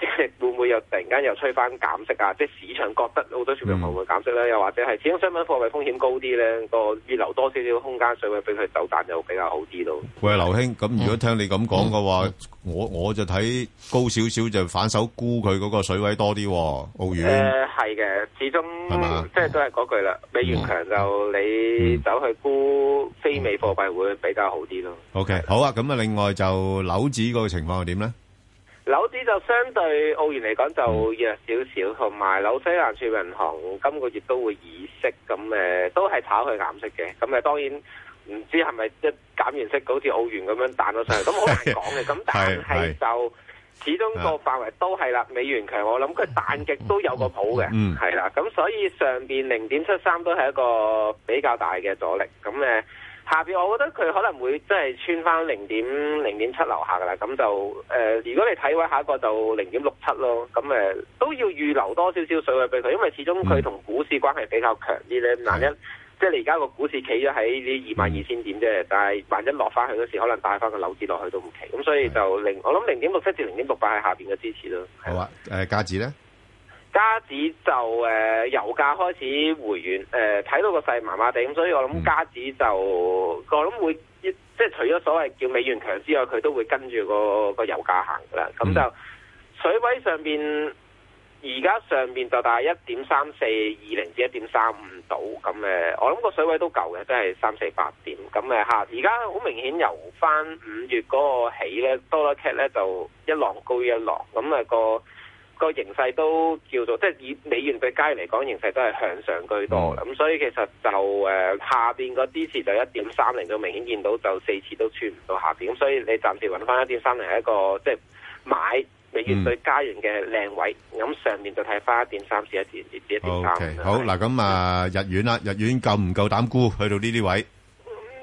即係會唔會又突然間又吹翻減息啊？即係市場覺得好多市民會唔會減息咧、啊？嗯、又或者係始終商品貨幣風險高啲咧，個預留多少少空間水位俾佢走盞就比較好啲咯。喂，劉兄，咁、嗯、如果聽你咁講嘅話，嗯、我我就睇高少少就反手沽佢嗰個水位多啲、啊、澳元。誒、呃，係嘅，始終吧即係都係嗰句啦。美元強就你走去沽非美貨幣會比較好啲咯。OK，好啊，咁啊，另外就樓指嗰個情況係點咧？樓子就相對澳元嚟講就弱少少，同埋、嗯、紐西蘭儲銀行今個月都會議息，咁誒、呃、都係炒佢減息嘅，咁誒當然唔知係咪一減完息，好似澳元咁樣彈咗上嚟，咁好難講嘅，咁但係就始終個範圍都係啦，美元強，我諗佢彈極都有個譜嘅， 嗯，係啦，咁所以上邊零點七三都係一個比較大嘅阻力，咁咧。呃下邊我覺得佢可能會即係穿翻零點零點七樓下噶啦，咁就誒、呃，如果你睇位下一個就零點六七咯，咁、呃、誒都要預留多少少水位俾佢，因為始終佢同股市關係比較強啲咧。嗯、萬一即係你而家個股市企咗喺呢二萬二千點啫，但係萬一落翻去嗰時，可能帶翻個樓市落去都唔奇。咁所以就零，是啊、我諗零點六七至零點六八係下邊嘅支持咯。啊好啊，誒、呃、價值咧。家指就誒、呃，油價開始回軟，誒、呃、睇到個勢麻麻地，所以我諗家指就、嗯、我諗會，即係除咗所謂叫美元強之外，佢都會跟住、嗰個、嗰個油價行㗎喇。咁就水位上邊而家上邊就大一點三四二零至一點三五度，咁誒，我諗個水位都夠嘅，即係三四八點，咁誒吓，而家好明顯由翻五月嗰個起咧，多啦 cat 咧就一浪高一浪，咁、那、啊個。個形勢都叫做，即係以美元對加元嚟講，形勢都係向上居多。咁、嗯嗯、所以其實就誒、呃、下邊個支持就一點三零都明顯見到，就四次都穿唔到下邊。咁所以你暫時揾翻一點三零係一個即係買美元對加元嘅靚位。咁、嗯嗯、上面就睇翻一點三至一點二一點三。好嗱，咁啊日元啦，日元夠唔夠膽沽？去到呢啲位？誒、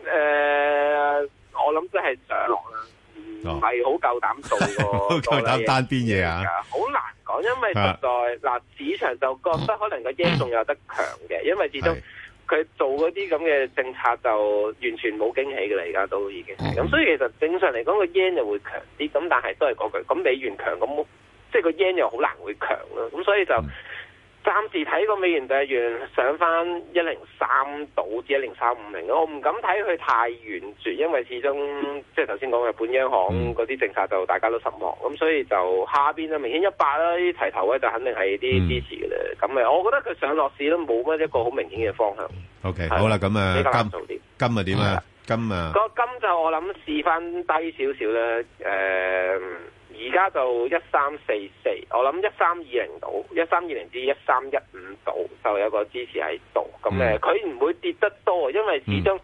嗯呃，我諗即係上啦。唔係好夠膽做喎，夠膽單邊嘢啊！好難講，因為實在嗱、 啊，市場就覺得可能個 yen 仲有得強嘅，因為始終佢 做啲咁嘅政策就完全冇驚喜嘅啦，而家都已經咁， 所以其實正常嚟講個 yen 又會強啲，咁但係都係嗰句，咁美元強咁，即係個 yen 又好難會強咯，咁所以就。 暫時睇個美元兌日圓上翻一零三到至一零三五零咯，我唔敢睇佢太遠住，因為始終即係頭先講嘅日本央行嗰啲政策就大家都失望，咁、嗯嗯、所以就下邊咧明顯一百啦啲齊頭咧就肯定係啲支持嘅啦。咁誒、嗯，我覺得佢上落市都冇乜一個好明顯嘅方向。OK，是好啦，咁啊金點？金啊點啊？今啊？個金，金就我諗試翻低少少咧。誒、呃。而家就一三四四，我諗一三二零到一三二零至一三一五到，就有一個支持喺度。咁、嗯、咧，佢唔、嗯、會跌得多，因為始終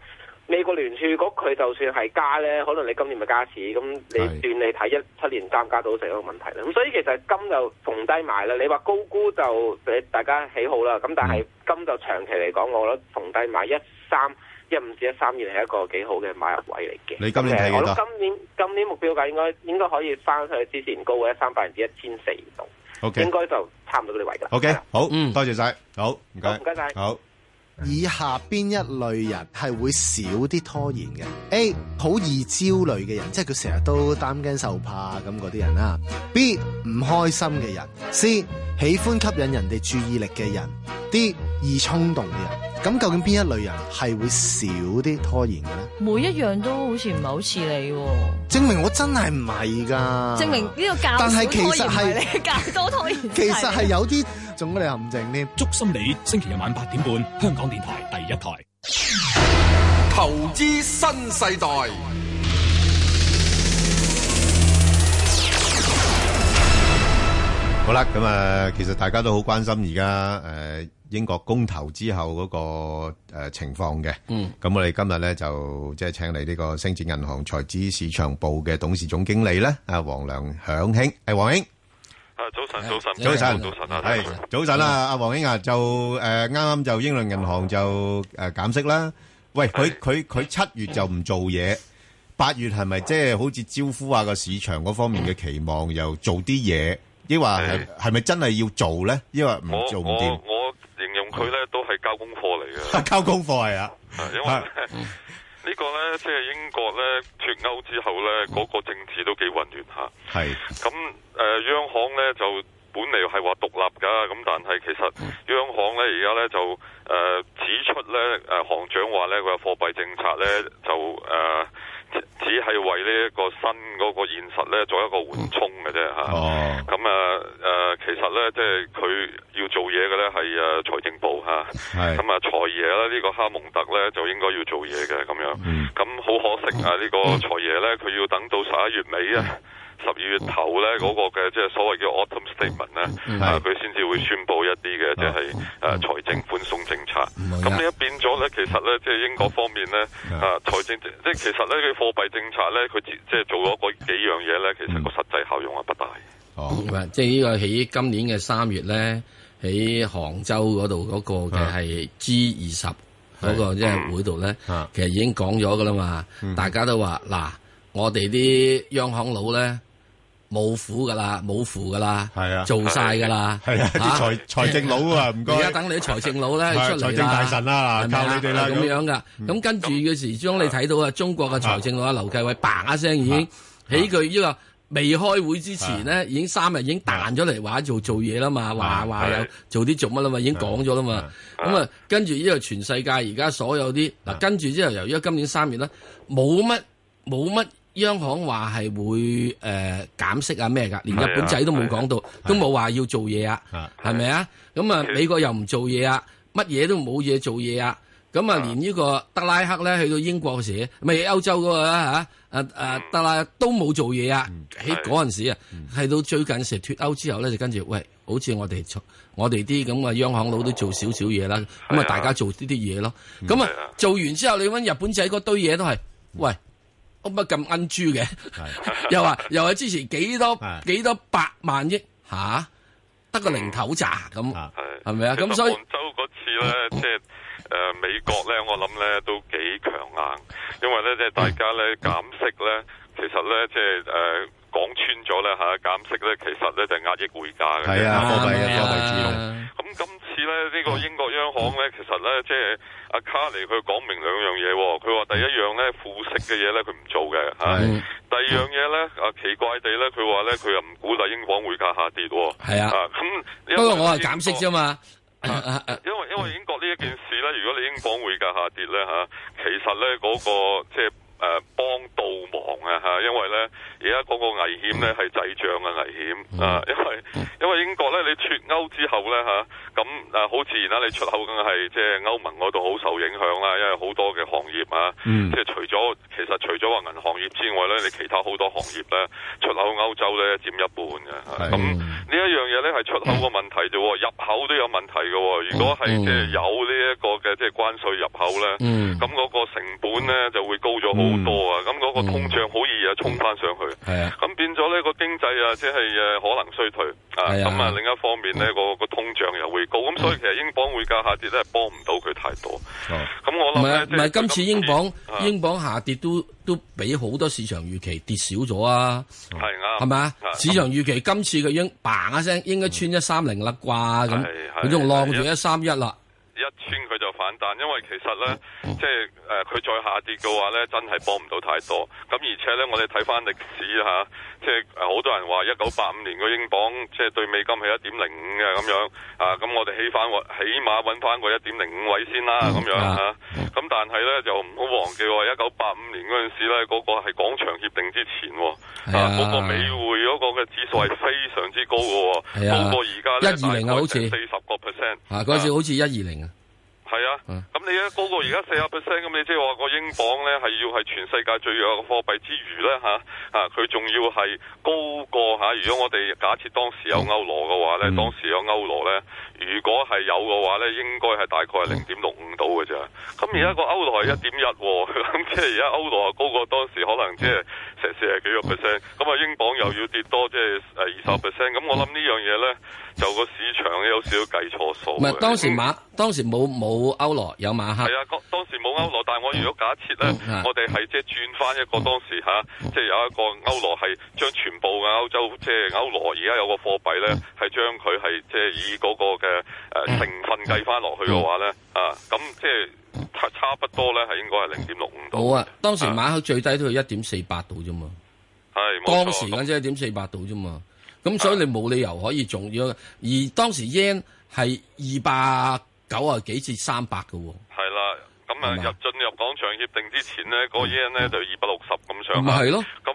美國聯儲局佢就算係加咧，可能你今年咪加市，咁你算你睇一七年三加到成個問題啦。咁是所以其實金就逢低買啦。你話高估就你大家喜好啦。咁但係金就長期嚟講，我覺得逢低買一三。一五至一三二係一個幾好嘅買入位嚟嘅。你今年睇幾多？今年今年目標價應該應該可以翻去之前高嘅一三百分之一千四度。O K，應該就差唔多嗰啲位噶啦。O K，好，嗯，多謝晒，好，唔該，唔該晒。好， 以下邊一類人係會少啲拖延嘅？A，好易焦慮嘅人，即係佢成日都擔驚受怕咁嗰啲人啦。B，唔開心嘅人。C，喜歡吸引人哋注意力嘅人。D 易衝動嘅人，咁究竟邊一類人係會少啲拖延嘅咧？每一樣都好似唔係好似你，啊，證明我真係唔係㗎。證明呢個教，但係其實係呢 教多拖延。 其實係有啲，總之你冚靜啲。祝心你星期日晚八點半香港電台第一台。投資新世代。好啦，咁啊，其實大家都好關心而家誒。呃英國公投之後嗰個誒情況嘅，咁我哋今日咧就即係請嚟呢個星展銀行財資市場部嘅董事總經理咧，阿黃良響興，係黃英。啊，早晨，早晨，早晨，早晨啊，係早晨啊，阿黃英啊，就誒啱啱就英倫銀行就誒減息啦。喂，佢佢佢七月就唔做嘢，八月係咪即係好似招呼下個市場嗰方面嘅期望，又做啲嘢？抑或係係咪真係要做咧？抑或唔做唔掂。佢咧都係交, 交功課嚟嘅，交功課係啊，因為呢 個呢，即係英國呢脱歐之後呢，嗰 個政治都幾混亂嚇。係咁， 誒、呃、央行呢，就本嚟係話獨立噶，咁但係其實央行呢，而家呢就誒、呃、指出呢，誒行長話呢，佢有貨幣政策呢，就誒。呃只係為呢一個新嗰個現實咧做一個緩衝嘅啫吓，咁啊誒、oh. 啊啊，其實咧即係佢要做嘢嘅咧係誒財政部吓，咁啊財爺咧呢個哈蒙特咧就應該要做嘢嘅咁樣，咁好、mm. 可惜啊、這個、財呢個財爺咧佢要等到十一月尾、mm. 啊。啊十二月頭咧，嗰個嘅即係所謂嘅 autumn statement 咧，啊佢先至會宣布一啲嘅即係誒財政寬鬆政策。咁呢一變咗咧，其實咧即係英國方面咧，啊財政即係其實咧佢貨幣政策咧，佢即係做咗嗰幾樣嘢咧，其實個實際效用係不大。唔係，即係呢個喺今年嘅三月咧，喺杭州嗰度嗰個嘅係 G 二十嗰個即係會度咧，其實已經講咗㗎啦嘛。大家都話嗱，我哋啲央行佬咧。冇苦噶啦，冇苦噶啦，係啊，做晒噶啦，係啊，啲財財政佬啊，唔該，而家等你啲財政佬咧出嚟，財政大臣啦，靠你哋啦，咁樣噶，咁跟住嘅時，將你睇到啊，中國嘅財政佬啊，樓繼偉，叭一聲已經喺佢呢個未開會之前呢，已經三日已經彈咗嚟話做做嘢啦嘛，話話有做啲做乜啦嘛，已經講咗啦嘛，咁啊，跟住呢個全世界而家所有啲嗱，跟住之後，由於今年三月咧，冇乜冇乜。央行話係會誒減息啊咩噶，連日本仔都冇講到，都冇話要做嘢啊，係咪啊？咁啊，美國又唔做嘢啊，乜嘢都冇嘢做嘢啊。咁啊，連呢個德拉克咧，去到英國時，咪歐洲嗰個啦吓，誒誒德拉都冇做嘢啊。喺嗰陣時啊，係到最近成日脫歐之後咧，就跟住喂，好似我哋我哋啲咁嘅央行佬都做少少嘢啦。咁啊，大家做呢啲嘢咯。咁啊，做完之後，你搵日本仔嗰堆嘢都係喂。乜咁鈎珠嘅？又話又話之前幾多幾多百萬億嚇？得個零頭咋咁？係咪啊？咁所以杭州嗰次咧，即係誒美國咧，我諗咧都幾強硬，因為咧即係大家咧減息咧，其實咧即係誒。講穿咗咧吓，減息咧其實咧就係壓抑匯價嘅，係啊貨幣嘅優惠作用。咁今次咧呢個英國央行咧，其實咧即係阿卡尼佢講明兩樣嘢。佢話第一樣咧負息嘅嘢，咧佢唔做嘅，係。第二樣嘢咧啊奇怪地咧佢話咧佢又唔鼓勵英鎊匯價下跌。係啊，咁因為我係減息啫嘛。因為因為英國呢一件事咧，如果你英鎊匯價下跌咧吓，其實咧嗰個即係誒幫倒忙啊吓，因為咧。啊啊而家嗰個危險咧係滯脹嘅危險、嗯、啊！因為因為英國咧，你脫歐之後咧嚇，咁啊，啊好自然啦、啊，你出口梗係即係歐盟嗰度好受影響啦，因為好多嘅行業啊，嗯、即係除咗其實除咗話銀行業之外咧，你其他好多行業咧出口歐洲咧佔一半嘅。咁、啊嗯、呢一樣嘢咧係出口個問題啫，嗯、入口都有問題嘅、哦。如果係即係有呢、這、一個嘅即係關稅入口咧，咁嗰、嗯嗯、個成本咧就會高咗好多啊！咁嗰、嗯、個通脹好易又、啊啊、衝翻上，上去。係啊，咁變咗呢個經濟啊，即係誒可能衰退啊。咁啊，另一方面咧個通脹又會高，咁所以其實英鎊匯價下跌咧係幫唔到佢太多。哦，咁我諗係唔係，今次英鎊英鎊下跌都都比好多市場預期跌少咗啊。係啊，係咪啊？市場預期今次佢應 bang 一聲應該穿一三零啦啩，咁，佢仲晾住一三一啦。一穿佢就反彈，因為其實呢，即係佢、呃、再下跌嘅話呢，真係幫唔到太多。咁而且呢，我哋睇翻歷史嚇、啊，即係好多人話一九八五年個英鎊即係對美金係一點零五嘅咁樣啊。咁我哋起翻起碼揾翻個一點零五位先啦咁樣嚇。咁、嗯嗯、但係呢，就唔好忘記話一九八五年嗰陣時咧，嗰、嗰個係廣場協定之前喎嗰、哎、呀個美匯嗰個嘅指數係非常之高嘅喎，高過而家一零嘅好似。吓嗰陣時好似一二零啊，係啊。你一高過而家四十 percent 咁，你即係話個英鎊咧係要係全世界最弱嘅貨幣之餘咧吓啊，佢仲要係高過吓。如果我哋假設當時有歐羅嘅話咧，嗯、當時有歐羅咧，如果係有嘅話咧，應該係大概係零點六五到嘅啫。咁而家個歐羅係一點一，咁即係而家歐羅係高過當時可能即係成四十幾個 percent。咁啊，英鎊又要跌多即係誒二十 percent。咁我諗呢樣嘢咧，就個、是、市場有少少計錯數。唔係當時馬，當時冇冇歐羅有。係啊，當時冇歐羅，但係我如果假設咧，嗯嗯嗯、我哋係即係轉翻一個當時吓，即、啊、係、就是、有一個歐羅係將全部嘅歐洲即係歐羅，而、就、家、是、有個貨幣咧係將佢係即係以嗰個嘅誒、呃、成分計翻落去嘅話咧，嗯嗯、啊，咁即係差差不多咧，係應該係零點六五度。好啊、嗯，當時馬克最低都係一點四八度啫嘛，係當時啱一點四八度啫嘛，咁所以你冇理由可以仲要，而當時 yen 係二百。九啊幾至三百嘅，係啦，咁啊吧入進入廣場協定之前咧，吧個 yen 咧就二百六十咁上，係咯吧，咁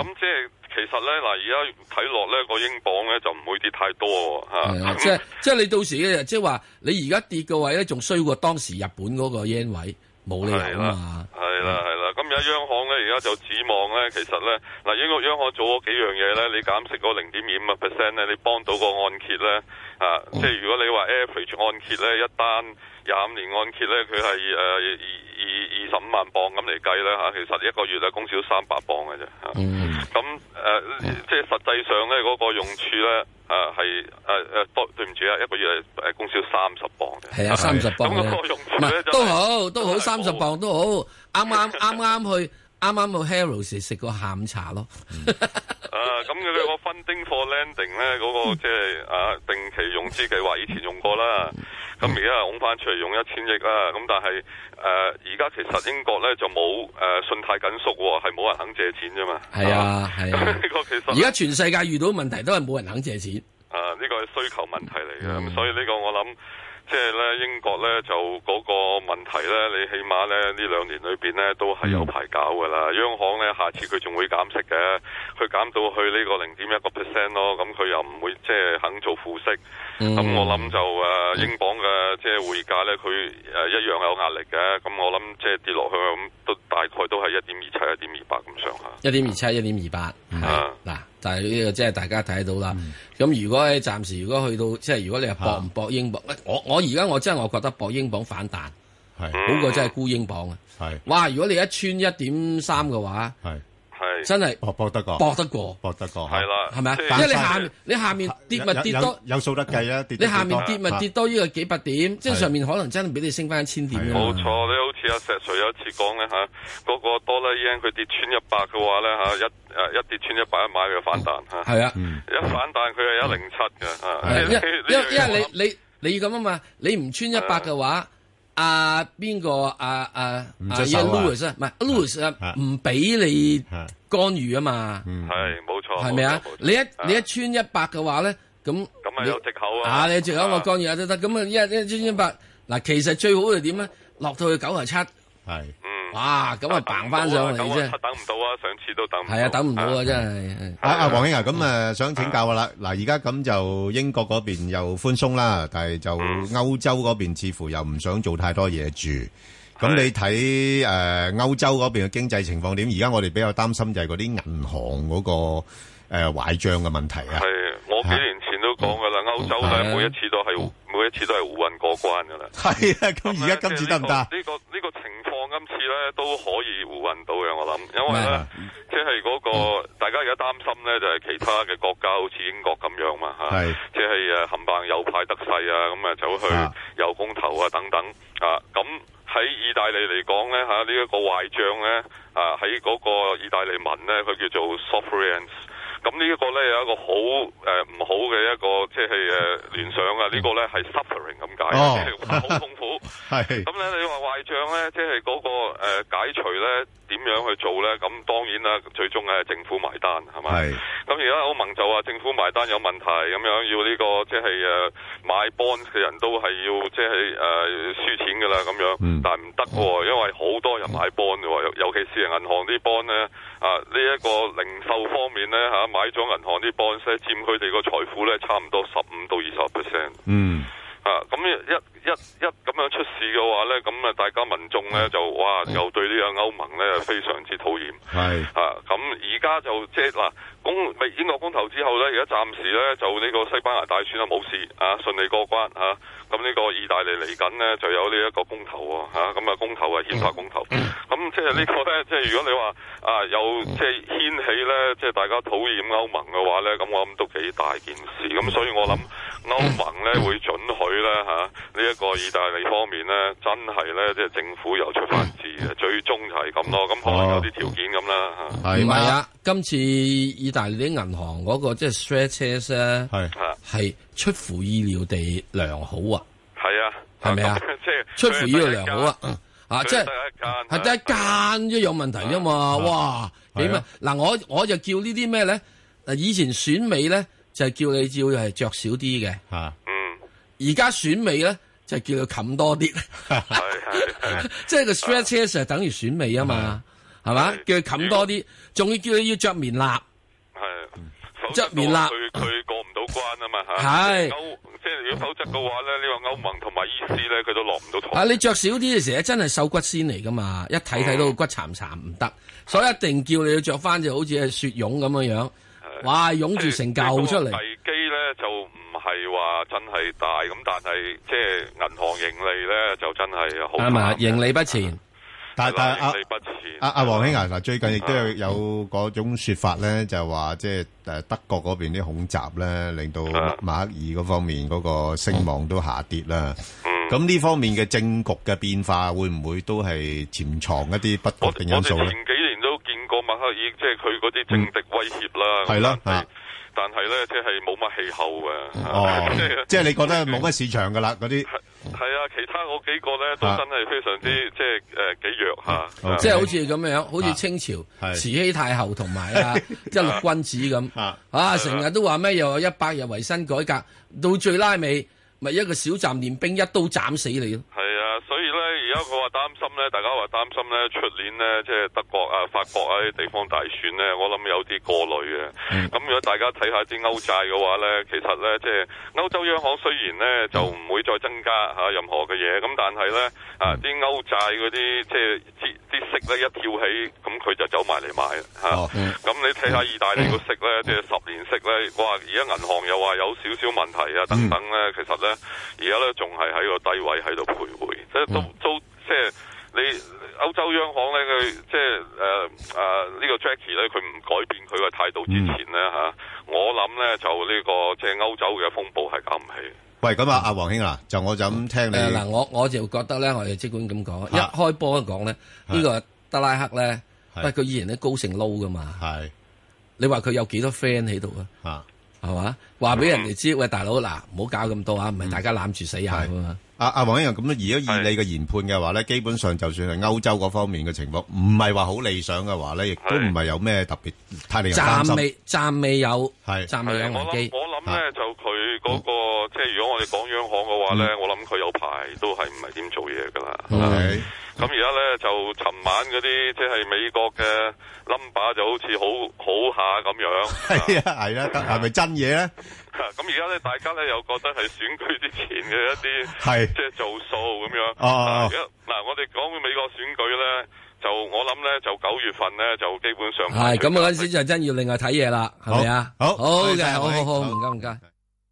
咁即係其實咧嗱，而家睇落咧個英鎊咧就唔會跌太多吓、啊吧嗯，即係即係你到時嘅，即係話你而家跌嘅位咧，仲衰過當時日本嗰個 yen 位，冇理由啊嘛，係啦係啦，咁而家央行咧而家就指望咧，其實咧嗱，英國央行做咗幾樣嘢咧，你減息嗰零點五啊 percent 咧，你幫到個按揭咧。啊，即係如果你話 average 按揭咧，一單廿五年按揭咧，佢係誒二二二十五萬磅咁嚟計咧嚇、啊，其實一個月咧供少三百磅嘅啫。啊、嗯。咁誒、啊啊，即係實際上咧嗰個用處咧，誒係誒誒，多對唔住啊，一個月係誒供少三十磅嘅。係啊，三十磅。咁個用處咧就都好，都好，三十磅都好，啱啱啱啱去。啱啱去 Harrods 食個下午茶咯，誒、 uh,，咁佢咧個 Funding for Landing 咧嗰個即係啊定期融資計劃以前用過啦，咁而家係拱翻出嚟用一千億啦。咁但係誒而家其實英國咧就冇誒、呃、信貸緊縮，係冇人肯借錢啫嘛，係、 uh, 啊係，呢個其實而家全世界遇到問題都係冇人肯借錢，嗯、啊呢、這個係需求問題嚟嘅，咁所以呢個我諗。即係咧，英國咧就嗰個問題咧，你起碼咧呢兩年裏邊咧都係有排搞噶啦。嗯、央行咧下次佢仲會減息嘅，佢減到去呢個零點一個 percent 咯。咁佢又唔會即係肯做負息。咁、嗯、我諗就誒，嗯、英鎊嘅即係匯價咧，佢誒一樣有壓力嘅。咁我諗即係跌落去咁都大概都係一點二七、一點二八咁上下。一點二七、一點二八。啊、嗯，嗱，但係呢個真係大家睇到啦。咁、嗯、如果你暫時如果去到即係、就是、如果你係博唔博英鎊、啊，我我而家我真係我覺得博英鎊反彈是，好過真係沽英鎊啊！哇是！如果你一穿一點三嘅話。嗯係真係博博得過，博得過，博得過，係啦，係咪啊？即係你下你下面跌咪跌多有數得計啊！跌你下面跌咪跌多呢個幾百點，即係上面可能真係俾你升翻一千點。冇錯，你好似阿石 Sir 有一次講咧吓，嗰個多啦。yen 佢跌穿一百嘅話咧吓，一誒一跌穿一百一買就反彈吓，係啊，一反彈佢係一零七嘅吓。因因為你你你咁啊嘛，你唔穿一百嘅話。阿邊個啊？啊，阿阿 Lewis 啊，唔係 Lewis 啊，唔俾、啊啊、你干預啊嘛，係冇錯，係咪啊，啊？你一你一穿一百嘅話咧，咁咁啊，有藉口啊？啊，你藉口我干預下都得，咁、嗯、啊一一穿一百嗱，其實最好係點咧？落到去九啊、嗯，七、嗯，係。哇！咁啊，掹翻上嚟啫，等唔到啊！上次都等，係啊，等唔到啊！真係。啊啊，王英啊，咁啊，想請教噶啦。嗱，而家咁就英國嗰邊又寬鬆啦，但係就歐洲嗰邊似乎又唔想做太多嘢住。咁你睇誒歐洲嗰邊嘅經濟情況點？而家我哋比較擔心就係嗰啲銀行嗰個誒壞帳嘅問題啊。係，我幾年前。講噶啦，歐洲咧每一次都係、啊、每一次都係胡混過關噶啦。係啊、 嗯，咁而家今次得唔得？呢、這個呢、這個這個情況今次咧都可以胡混到嘅，我諗，因為咧即係嗰個 大家而家擔心咧就係其他嘅國家好似英國咁樣嘛吓，即係誒冚棒右派得勢啊，咁啊走去游公投啊等等啊，咁喺意大利嚟講咧吓呢一、這個壞賬咧啊喺嗰個意大利文咧佢叫做 sufferance。咁呢一個咧有一個、呃、好誒唔好嘅一個即係誒聯想啊，呢、這個咧係 suffering 咁解，即係好、哦、痛苦。係咁咧，你話壞帳咧，即係嗰、那個解除咧點樣去做咧？咁當然啦，最終咧政府埋單係咪？咁而家歐盟就話政府埋單有問題，咁樣要呢、這個即係誒買 bond 嘅人都係要即係誒輸錢㗎啦咁樣，嗯、但係唔得喎，因為好多人買 bond 㗎，尤其是銀行啲 bond 咧啊，呢、呃呃、一個零售方面咧嚇。買咗銀行啲 bond share，佔佢哋個財富咧，差唔多十五到二十 percent。嗯，啊，咁一。一一咁樣出事嘅話呢，咁啊，大家民眾呢就哇，又對呢個歐盟呢非常之討厭。係啊、mm，咁而家就即係嗱，公英國公投之後呢，而家暫時呢就呢個西班牙大選啊冇事，啊順利過關啊。咁呢個意大利嚟緊呢就有呢一個公投啊，咁啊公投啊憲法公投。咁即係呢個呢，即係如果你話啊又即係掀起呢，即係大家討厭歐盟嘅話呢，咁我諗都幾大件事。咁所以我諗歐盟呢會准許咧吓呢一。個意大利方面咧，真係咧，即係政府又出法字，嘅，最終就係咁咯，咁可能有啲條件咁啦吓。係唔係啊？今次意大利啲銀行嗰個即係 stress 咧，係係出乎意料地良好啊！係啊，係咪啊？即係出乎意料良好啊！啊，即係係得一間啫，有問題啫嘛！哇，幾乜？嗱，我我就叫呢啲咩咧？嗱，以前選美咧就係叫你要係着少啲嘅吓，嗯，而家選美咧。即係叫佢冚多啲，即係個 stretch 嘅時候等於選美啊嘛，係嘛？叫佢冚多啲，仲要叫佢要着棉衲，係著棉衲，佢過唔到關啊嘛嚇。係歐，即係如果否則嘅話咧，呢個歐盟同埋伊斯咧，佢都落唔到台。啊，你着少啲嘅時候真係瘦骨仙嚟噶嘛，一睇睇到骨慘慘唔得，嗯、所以一定叫你要著翻就好似雪蛹咁樣樣，是是 哇，擁住成嚿出嚟。係話真係大咁，但係即係銀行盈利咧就真係好。阿媽盈利不前，但係但係阿阿鄺兄啊，最近亦都有嗰種說法咧，就話即係誒德國嗰邊啲恐襲咧，令到馬克爾嗰方面嗰個聲望都下跌啦。咁呢方面嘅政局嘅變化會唔會都係潛藏一啲不確定因素咧？我我哋前幾年都見過馬克爾，即係佢嗰啲政敵威脅啦，係啦。但係咧，即係冇乜氣候嘅！即係即係，你覺得冇乜市場噶啦啲？係啊，其他幾個咧都真係非常之即係誒幾弱嚇，即係好似咁樣，好似清朝慈禧太后同埋啊即係六君子咁啊，啊成日都話咩又有一百日維新改革，到最拉尾咪一個小站練兵一刀斬死你咯！係啊，所以。我話擔心咧，大家話擔心咧，出年咧即係德國啊、法國啊啲地方大選咧，我諗有啲過慮嘅。咁、嗯、如果大家睇下啲歐債嘅話咧，其實咧即係歐洲央行雖然咧就唔會再增加吓任何嘅嘢，咁但係咧、嗯、啊啲歐債嗰啲即係。就是啲息咧一跳起，咁佢就走埋嚟買啦咁、哦嗯啊、你睇下意大利個息咧，嗯、即係十年息咧，哇！而家銀行又話有少少問題啊，等等咧，嗯、其實咧，而家咧仲係喺個低位喺度徘徊。即係都都、嗯、即係你歐洲央行咧，佢即係誒誒呢個 Jackie 咧，佢唔改變佢個態度之前咧嚇、嗯啊，我諗咧就呢、這個即係歐洲嘅風暴係搞唔起。喂，咁啊，阿鄺兄啊，就我就咁聽你。嗱、嗯呃，我我就覺得咧，我哋即管咁講，啊、一開波一講咧，呢、這個德拉克咧，不過佢依然咧高盛撈噶嘛。係。你話佢有幾多 friend 喺度啊？吓，係嘛、啊？話俾人哋知，嗯、喂，大佬嗱，唔好搞咁多、嗯、啊，唔係大家攬住死下阿阿、啊、黃先生咁咯，而家以你嘅研判嘅話咧，是的 基本上就算係歐洲嗰方面嘅情況唔係話好理想嘅話咧，亦都唔係有咩特別是的 太令人擔心，暫未暫未有，係是的 暫未有機。我諗咧就佢嗰、那個，啊、即係如果我哋講央行嘅話咧，嗯、我諗佢有排都係唔係點做嘢噶啦。Okay. 咁而家咧就尋晚嗰啲即係美國嘅 number 就好似好好下咁樣，係啊係啊，係咪、啊、 真嘢咧？咁而家咧大家咧又覺得係選舉之前嘅一啲即係做數咁樣。哦，哦，哦，嗱，我哋講美國選舉咧，就我諗咧就九月份咧就基本上係咁嗰陣時就真要另外睇嘢啦，係咪啊？好，好嘅，好好是好，唔該唔該。